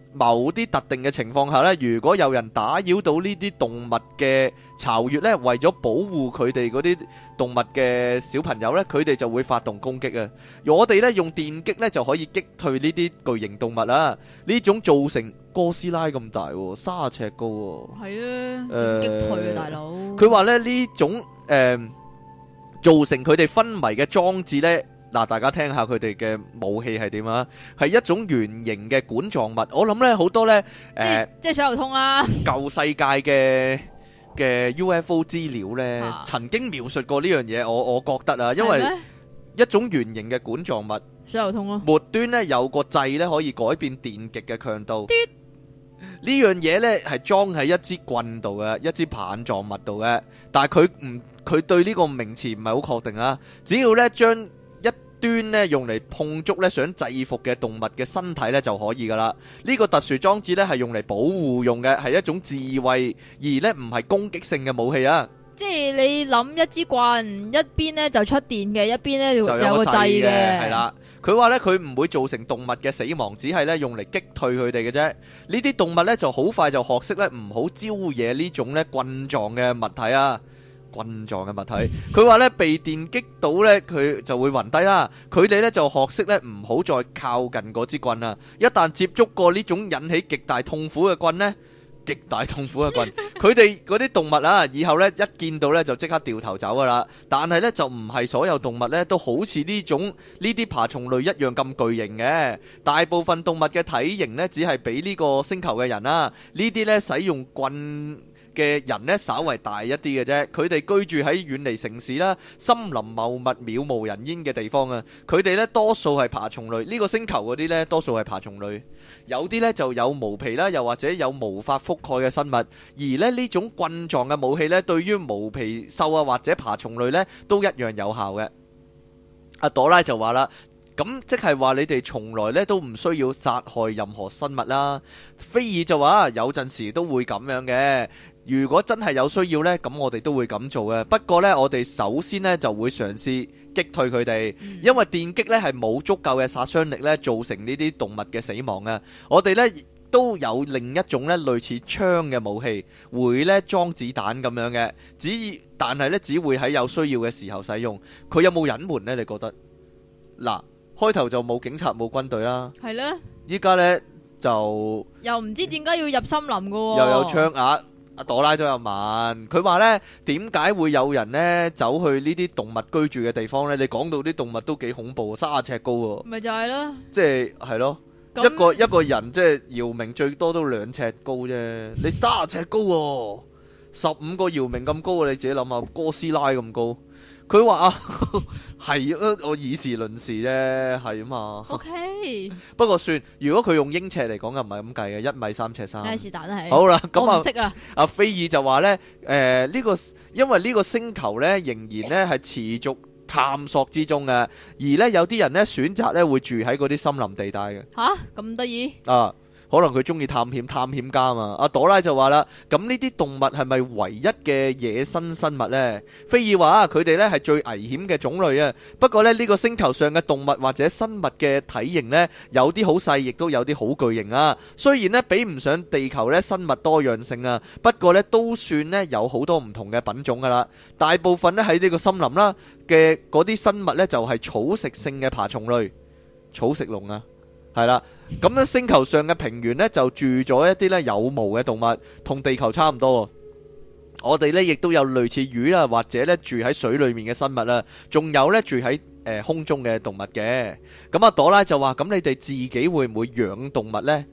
某啲特定嘅情況下咧，如果有人打擾到呢啲動物嘅巢穴咧，為咗保護佢哋嗰啲動物嘅小朋友咧，佢哋就會發動攻擊啊！我哋咧用電擊咧就可以擊退呢啲巨型動物啦。呢種造成哥斯拉咁大，三啊尺高，係啊，誒，擊退啊，大佬。佢話咧呢種誒造成佢哋昏迷嘅裝置咧。嗱，大家聽下佢哋嘅武器係點啊？係一種圓形嘅管狀物，我諗咧好多咧，誒，即係水喉通啦。舊世界嘅嘅 UFO 資料咧，曾經描述過呢樣嘢，我我覺得啊，因為一種圓形嘅管狀物，水喉通咯，末端咧有個掣咧可以改變電極嘅強度。端呢樣嘢咧係裝喺一支棍度嘅，一支棒狀物度嘅，但係佢唔佢對呢個名詞唔係好確定啊。只要咧將端咧用嚟碰觸咧想制服嘅動物嘅身體咧就可以噶啦。呢、這個特殊裝置咧係用嚟保護用嘅，係一種智慧，而咧唔係攻擊性嘅武器啊。即係你諗一支棍，一邊咧就出電嘅，一邊咧有，有個掣嘅，係啦。佢話咧佢唔會造成動物嘅死亡，只係咧用嚟擊退佢哋嘅啫。呢啲動物咧就好快就學識咧唔好招惹呢種咧棍狀嘅物體啊。棍狀嘅物體，佢話呢，被電擊到呢，佢就會暈低啦。佢哋呢就學識呢唔好再靠近嗰支棍啦、啊。一旦接觸過呢種引起極大痛苦嘅棍呢，極大痛苦嘅棍，佢哋嗰啲動物啊，以後呢一見到呢就即刻掉頭走噶啦。但係呢就唔係所有動物呢都好似呢種呢啲爬蟲類一樣咁巨型嘅，大部分動物嘅體型呢，只係比呢個星球嘅人啦、啊。呢啲呢使用棍。嘅人呢，稍為大一啲嘅啫。佢哋居住喺遠離城市啦、森林茂密、渺無人煙嘅地方啊。佢哋呢，多數係爬蟲類，呢、呢個星球嗰啲呢，多數係爬蟲類。有啲呢，就有毛皮啦，又或者有毛髮覆蓋嘅生物。而呢呢種棍狀嘅武器呢，對於毛皮獸啊或者爬蟲類呢，都一樣有效嘅。阿、啊、朵拉就話啦：咁即係話你哋從來呢，都唔需要殺害任何生物啦。菲爾就話：有陣時都會咁樣嘅。如果真係有需要呢，咁我哋都會咁做嘅。不過呢，我哋首先呢就會嘗試擊退佢哋，因為電擊呢係冇足夠嘅殺傷力呢，造成呢啲動物嘅死亡嘅。我哋呢都有另一種呢類似槍嘅武器，會呢裝子彈咁樣嘅，只但係呢只會喺有需要嘅時候使用。佢有冇隱瞞呢？你覺得？嗱，開頭就冇警察冇軍隊啦，係呢。依家呢就又唔知點解要入森林噶，又有槍壓。阿朵、啊、拉都有問，佢話咧點解會有人咧走去呢啲動物居住嘅地方咧？你講到啲動物都幾恐怖，三十尺高喎。咪就係咯，即係係咯，一個一個人即係姚明最多都兩尺高啫，你三十尺高喎、哦。十五個姚明咁高，你自己諗下，哥斯拉咁高。佢話啊，係 我以事論事啫，係啊嘛。O K。不過算，如果佢用英尺嚟講，又唔係咁計嘅，一米三尺三。是但係。好啦，咁、嗯、啊。我唔識啊。阿菲爾就話呢，誒、呃，呢、這個因為呢個星球呢，仍然呢係持續探索之中嘅，而呢有啲人呢，選擇呢會住喺嗰啲森林地帶嘅。吓，咁得意。啊。可能佢中意探險探險家啊嘛！阿朵拉就話啦，咁呢啲動物係咪唯一嘅野生生物咧？菲爾話啊，佢哋咧係最危險嘅種類啊。不過咧，呢個星球上嘅動物或者生物嘅體型咧，有啲好細，亦都有啲好巨型啊。雖然咧比唔上地球咧生物多樣性啊，不過咧都算咧有好多唔同嘅品種噶啦。大部分咧喺呢個森林啦嘅嗰啲生物咧就係草食性嘅爬蟲類，草食龍啊。係啦，咁樣星球上嘅平原呢，就住咗一啲咧有毛嘅動物，同地球差唔多。我哋呢亦都有類似魚啦，或者咧住喺水裏面嘅生物啦，仲有咧住喺誒、呃、空中嘅動物嘅。咁阿朵拉就話：「咁你哋自己會唔會養動物呢？」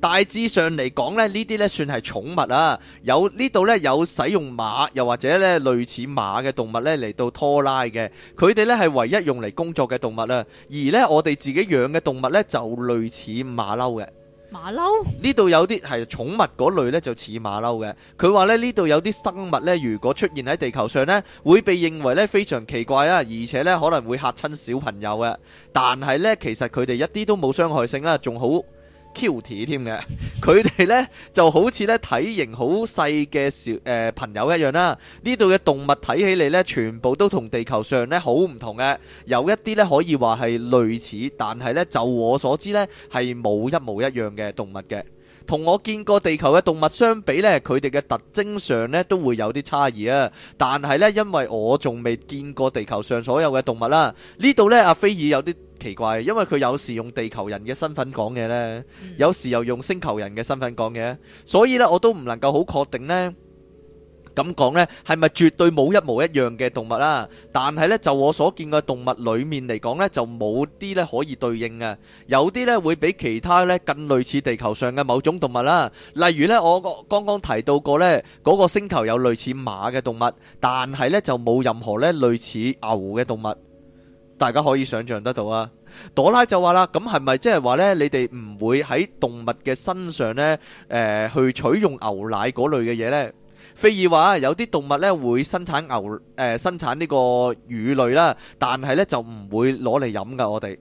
大致上嚟講咧，呢啲咧算係寵物啊，有呢度咧有使用馬，又或者咧類似馬嘅動物咧嚟到拖拉嘅，佢哋咧係唯一用嚟工作嘅動物啦。而咧我哋自己養嘅動物呢，就類似馬騮嘅。馬騮呢度有啲係寵物嗰類呢就似馬騮嘅。佢話咧呢度有啲生物呢，如果出現喺地球上呢，會被認為咧非常奇怪啊，而且咧可能會嚇親小朋友嘅。但係呢，其實佢哋一啲都冇傷害性啦，仲好。Q.T. 添嘅，佢哋咧就好似咧體型好細嘅小誒、呃、朋友一樣啦。呢度嘅動物睇起嚟咧，全部都同地球上咧好唔同嘅。有一啲咧可以話係類似，但係咧就我所知咧係冇一模一樣嘅動物嘅。同我見過地球嘅動物相比呢，佢哋嘅特徵上呢都會有啲差異啊。但係呢，因為我仲未見過地球上所有嘅動物啦、啊，呢度呢，阿菲爾有啲奇怪，因為佢有時用地球人嘅身份講嘢呢，有時又用星球人嘅身份講嘢，所以呢，我都唔能夠好確定呢。咁講呢，係咪絕對冇一模一樣嘅動物啦？但係呢，就我所見嘅動物裡面嚟講呢，就冇啲呢可以對應嘅。有啲呢會比其他呢更類似地球上嘅某種動物啦。例如呢，我剛剛提到過呢，嗰個星球有類似馬嘅動物，但係呢就冇任何呢類似牛嘅動物。大家可以想像得到啊。朵拉就話啦：咁係咪即係話呢？你哋唔會喺動物嘅身上呢，誒去取用牛奶嗰類嘅嘢呢？非爾話，有啲動物咧會生產牛誒、呃、生產呢個乳類啦，但係咧就唔會攞嚟飲噶，我哋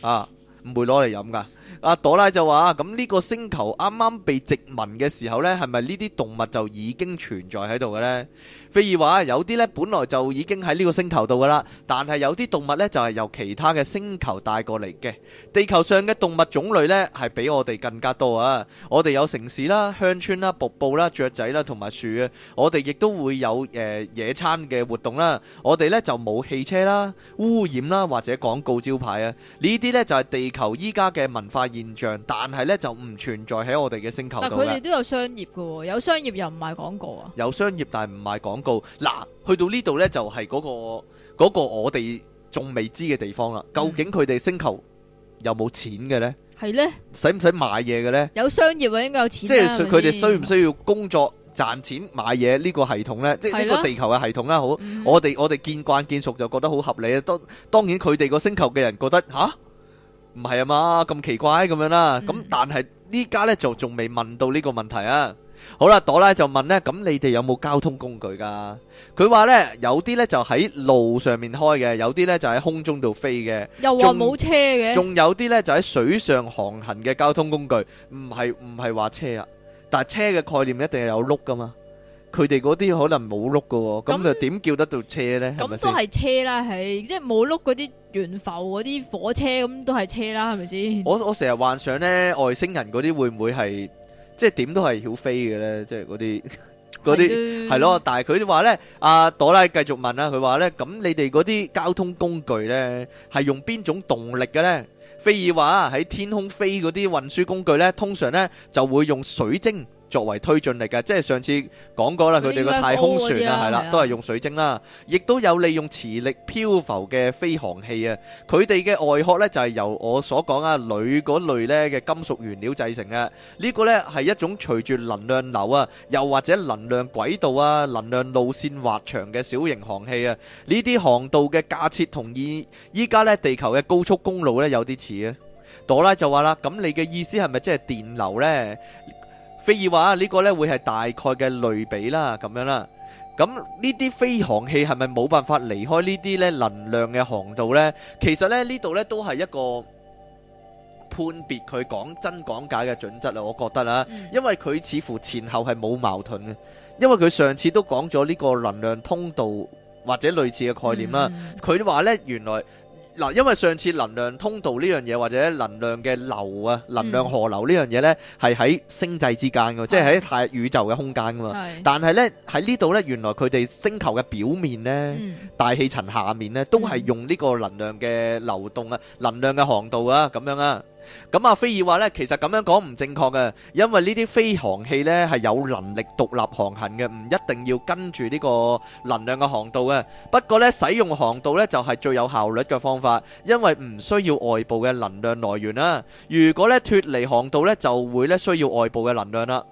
啊唔會攞嚟飲噶。阿、啊、朵拉就話啊，咁、這、呢個星球啱啱被殖民嘅時候呢，係咪呢啲動物就已經存在喺度嘅呢？菲爾話有啲呢本來就已經喺呢個星球度㗎喇，但係有啲動物呢，就係由其他嘅星球帶過嚟嘅。地球上嘅動物種類呢，係比我哋更加多啊！我哋有城市啦、鄉村啦、瀑布啦、雀仔啦同埋樹啊。我哋亦都會有誒、呃、野餐嘅活動啦。我哋呢就冇汽車啦、污染啦或者廣告招牌啊。呢啲呢，就係地球依家嘅文化。化現象，但係咧就唔存在喺我哋嘅星球度。但係佢哋都有商業噶喎，有商業又唔賣廣告啊。有商業但係唔賣廣告。嗱，去到呢度咧就係嗰個嗰個我哋仲未知嘅地方啦。究竟佢哋星球有冇錢嘅咧？係咧？使唔使買嘢嘅咧？有商業就應該有錢。即係佢哋需唔需要工作賺錢買嘢呢個系統咧？即係呢個地球嘅系統啦。好，我哋我哋見慣見熟就覺得好合理啊。當當然佢哋個星球嘅人覺得吓。唔係啊嘛，咁奇怪咁樣啦。咁、嗯、但係呢家呢就仲未問到呢個問題啊。好啦，朵拉就問呢：「咁你哋有冇交通工具噶？」佢話呢，有啲呢就喺路上面開嘅，有啲呢就喺空中度飛嘅。又話冇車嘅，仲有啲呢就喺水上航行嘅交通工具，唔係唔係話車啊？但係車嘅概念一定係有轆噶嘛。佢哋嗰啲可能冇碌㗎，咁就點叫得到車咧？咁都係車啦，係即係冇碌嗰啲懸浮嗰啲火車，咁都係車啦，係咪先？我我成日幻想咧，外星人嗰啲會唔會係即係點都係曉飛嘅咧？即係嗰啲嗰啲係咯，但係佢話咧，阿朵拉繼續問啦，佢話咧，咁你哋嗰啲交通工具咧係用邊種動力嘅咧？菲爾話喺天空飛嗰啲運輸工具咧，通常咧就會用水晶。作為推進力嘅，即係上次講過啦，佢哋個太空船啊，係啦，都係用水晶啦，亦都有利用磁力漂浮嘅飛航器啊。佢哋嘅外殼咧就係由我所講啊鋁嗰類咧嘅金屬原料製成嘅。呢個咧係一種隨住能量流啊，又或者能量軌道啊，能量路線滑長嘅小型航器啊。呢啲航道嘅架設同依依家咧地球嘅高速公路咧有啲似啊。朵拉就話啦，咁你嘅意思係咪即係電流咧？比如話呢個咧會係大概嘅類比啦，咁樣啦。咁呢啲飛航器係咪冇辦法離開呢啲咧能量嘅航道呢？其實咧呢度咧都係一個判別佢講真講假嘅準則啦。我覺得啦，因為佢似乎前後係冇矛盾嘅，因為佢上次都講咗呢個能量通道或者類似嘅概念啦。佢話、嗯、呢，原來。嗱，因為上次能量通道呢樣嘢，或者能量嘅流啊，能量河流呢樣嘢呢，係喺星際之間嘅，嗯、即係喺太宇宙嘅空間噶嘛。嗯、但係呢，喺呢度呢，原來佢哋星球嘅表面呢，嗯、大氣層下面呢，都係用呢個能量嘅流動啊、能量嘅航道啊咁樣啊。咁阿菲爾話呢，其實咁樣講唔正確嘅，因為呢啲飛航器呢係有能力獨立航行嘅，唔一定要跟住呢個能量嘅航道嘅。不過呢，使用航道呢就係最有效率嘅方法，因為唔需要外部嘅能量來源啦。如果呢脫離航道呢，就會呢需要外部嘅能量啦。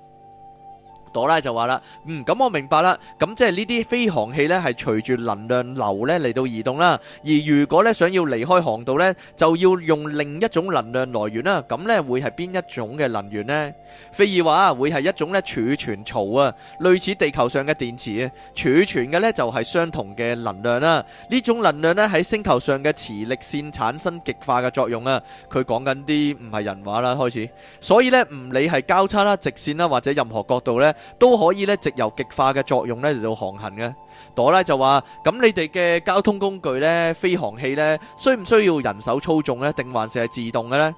朵拉就話啦，嗯，咁我明白啦，咁即係呢啲飛行器咧係隨住能量流咧嚟到移動啦，而如果咧想要離開航道呢，就要用另一種能量來源啦，咁呢會係邊一種嘅能源呢？非爾話啊，會係一種咧儲存槽啊，類似地球上嘅電池啊，儲存嘅呢就係相同嘅能量啦，呢種能量呢喺星球上嘅磁力線產生極化嘅作用啊，佢講緊啲唔係人話啦，開始，所以呢，唔理係交叉啦、直線啦或者任何角度呢。都可以咧，藉由極化嘅作用咧嚟到航行嘅。朵拉就話：咁你哋嘅交通工具咧，飛航器咧，需唔需要人手操縱呢？定還是係自動嘅呢？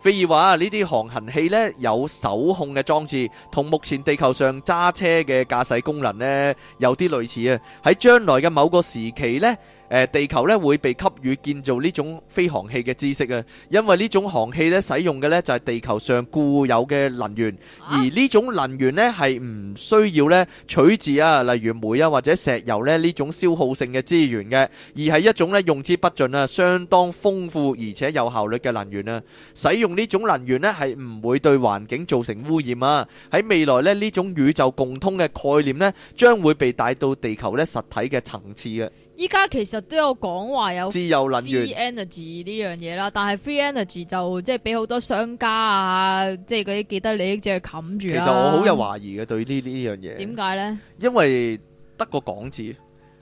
菲爾話：呢啲航行器咧有手控嘅裝置，同目前地球上揸車嘅駕駛功能呢，有啲類似啊。喺將來嘅某個時期呢。誒，地球咧會被給予建造呢種飛航器嘅知識啊，因為呢種航器咧使用嘅咧就係地球上固有嘅能源，而呢種能源咧係唔需要咧取自啊，例如煤啊或者石油咧呢種消耗性嘅資源嘅，而係一種咧用之不盡啊，相當豐富而且有效率嘅能源啊。使用呢種能源咧係唔會對環境造成污染啊。喺未來咧呢種宇宙共通嘅概念咧，將會被帶到地球咧實體嘅層次嘅。依家其實都有講話有自由能源 free energy 呢樣嘢啦，但係 free energy 就即係俾好多商家啊，即係嗰啲既得利益者冚住、啊、其實我好有懷疑嘅、啊、對呢呢樣嘢。點解呢？因為得個講字，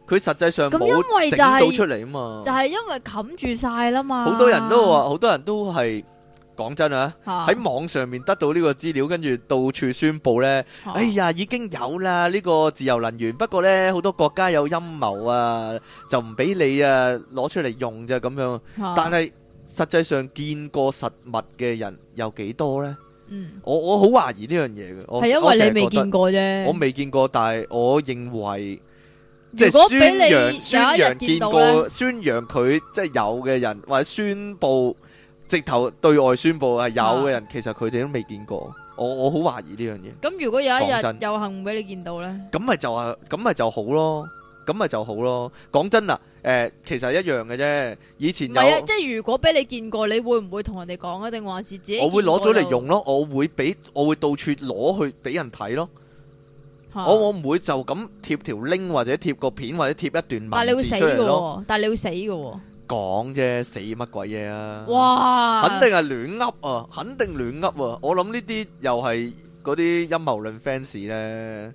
佢實際上冇整到出嚟啊嘛，就係因為冚、就係就係、住晒啦嘛。好多人都話，好多人都係。講真啊，喺網上面得到呢個資料，跟住到處宣布呢，哎呀已經有啦呢個自由能源，不過呢好多國家有陰謀啊，就唔俾你啊攞出嚟用啫咁樣。但係實際上見過實物嘅人有幾多呢？嗯，我我好懷疑呢樣嘢嘅。係因為你未見過啫，我未見過，但係我認為，即係宣揚，有一日見到呢，宣揚佢即係有嘅人，或者宣布。直頭對外宣佈係有嘅人，其實佢哋都未見過。我我好懷疑呢樣嘢。咁如果有一日有幸俾你見到咧，咁咪就係咁咪就好咯，咁咪就好咯。講真啦，誒，其實一樣嘅啫。以前唔係啊，即係如果俾你見過，你會唔會同人哋講啊？定還是自己？我會攞咗嚟用咯，我會俾我會到處攞去俾人睇咯。我我唔會就咁貼條 link 或者貼個片或者貼一段文。但係你會死嘅，但係你會死嘅。講啫，死乜鬼嘢啊！哇，肯定係亂噏啊，肯定亂噏啊！我諗呢啲又係嗰啲陰謀論 fans 呢，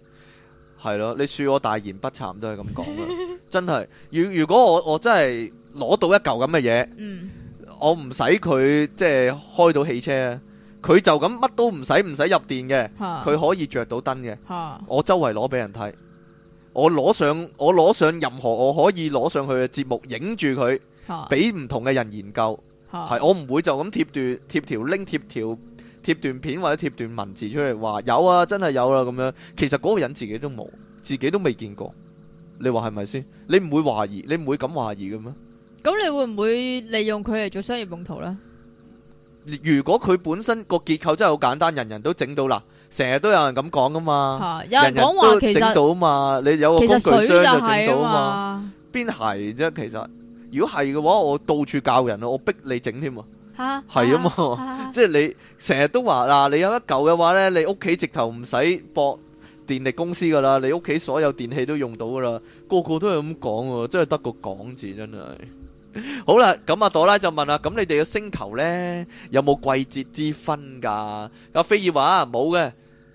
係咯，你恕我大言不慚，都係咁講啦，真係。如如果我我真係攞到一嚿咁嘅嘢，嗯，我唔使佢即係開到汽車啊，佢就咁乜都唔使唔使入電嘅，佢可以着到燈嘅，我周圍攞俾人睇，我攞上我攞上任何我可以攞上去嘅節目，影住佢。俾唔同嘅人研究，係我唔會就咁貼段貼條拎貼條貼段片或者貼段文字出嚟話有啊，真係有啦咁樣。其實嗰個人自己都冇，自己都未見過。你話係咪先？你唔會懷疑，你唔會咁懷疑嘅咩？咁你會唔會利用佢嚟做商業用途咧？如果佢本身個結構真係好簡單，人人都整到啦，成日都有人咁講噶嘛。有人講話其實整到嘛，你有個工具箱就整到嘛。邊係啫？其實。如果係嘅話，我到處教人啊，我逼你整添啊，係啊嘛，即係你成日都話嗱，你有一舊嘅話咧，你屋企直頭唔使駁電力公司噶啦，你屋企所有電器都用到噶啦，個個都係咁講，真係得個講字真係。好啦，咁阿朵拉就問啦，咁你哋嘅星球咧有冇季節之分噶？阿菲爾話冇嘅。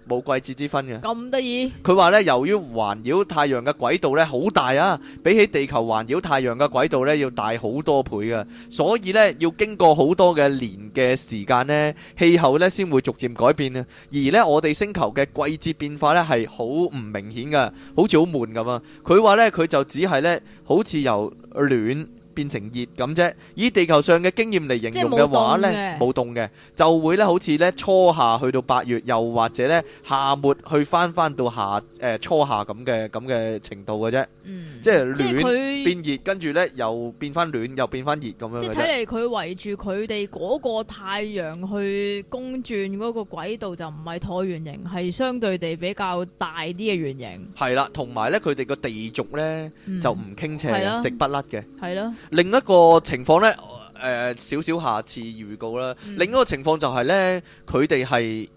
冇季節之分嘅，咁得意。佢話呢，由於環繞太陽嘅軌道呢好大啊，比起地球環繞太陽嘅軌道呢要大好多倍㗎，所以呢，要經過好多嘅年嘅時間呢，氣候呢先會逐漸改變啊。而呢，我哋星球嘅季節變化呢係好唔明顯㗎，好似好悶咁啊。佢話呢，佢就只係呢，好似由暖變成熱咁啫，以地球上嘅經驗嚟形容嘅話咧，冇凍嘅，就會咧好似咧初夏去到八月，又或者咧夏末去翻翻到夏誒初夏咁嘅咁嘅程度嘅啫。嗯，即係暖變熱，跟住咧又變翻暖，又變翻熱咁樣。即係睇嚟佢圍住佢哋嗰個太陽去公轉嗰個軌道就唔係橢圓形，係相對地比較大啲嘅圓形。係啦，同埋咧佢哋個地軸咧就唔傾斜嘅，直不甩嘅。係咯。另一個情況呢，誒、呃，少少下次預告啦。嗯、另一個情況就係呢，佢哋係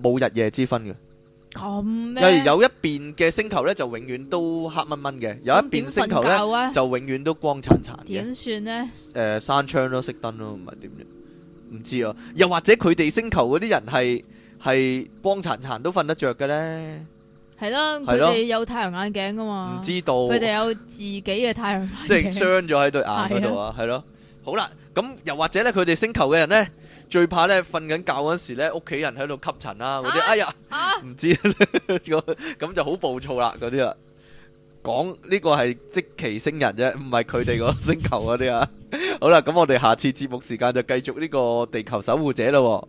冇日夜之分嘅。咁咩？如有一邊嘅星球呢，就永遠都黑蚊蚊嘅；有一邊星球呢，啊、就永遠都光燦燦。點算呢？誒、呃，閂窗咯、啊，熄燈咯，唔係點樣？唔知啊。又或者佢哋星球嗰啲人係係光燦燦都瞓得着嘅呢？係咯，佢哋有太陽眼鏡噶嘛？唔知道、啊。佢哋有自己嘅太陽眼鏡。即係傷咗喺對眼嗰度啊，係咯。好啦，咁又或者咧，佢哋星球嘅人咧，最怕咧瞓緊覺嗰時咧，屋企人喺度吸塵啦嗰啲。哎呀，唔、啊、知咁 就好暴躁啦嗰啲啦。講呢個係即期星人啫，唔係佢哋個星球嗰啲啊。 好啦，咁我哋下次節目時間就繼續呢個地球守護者啦、啊。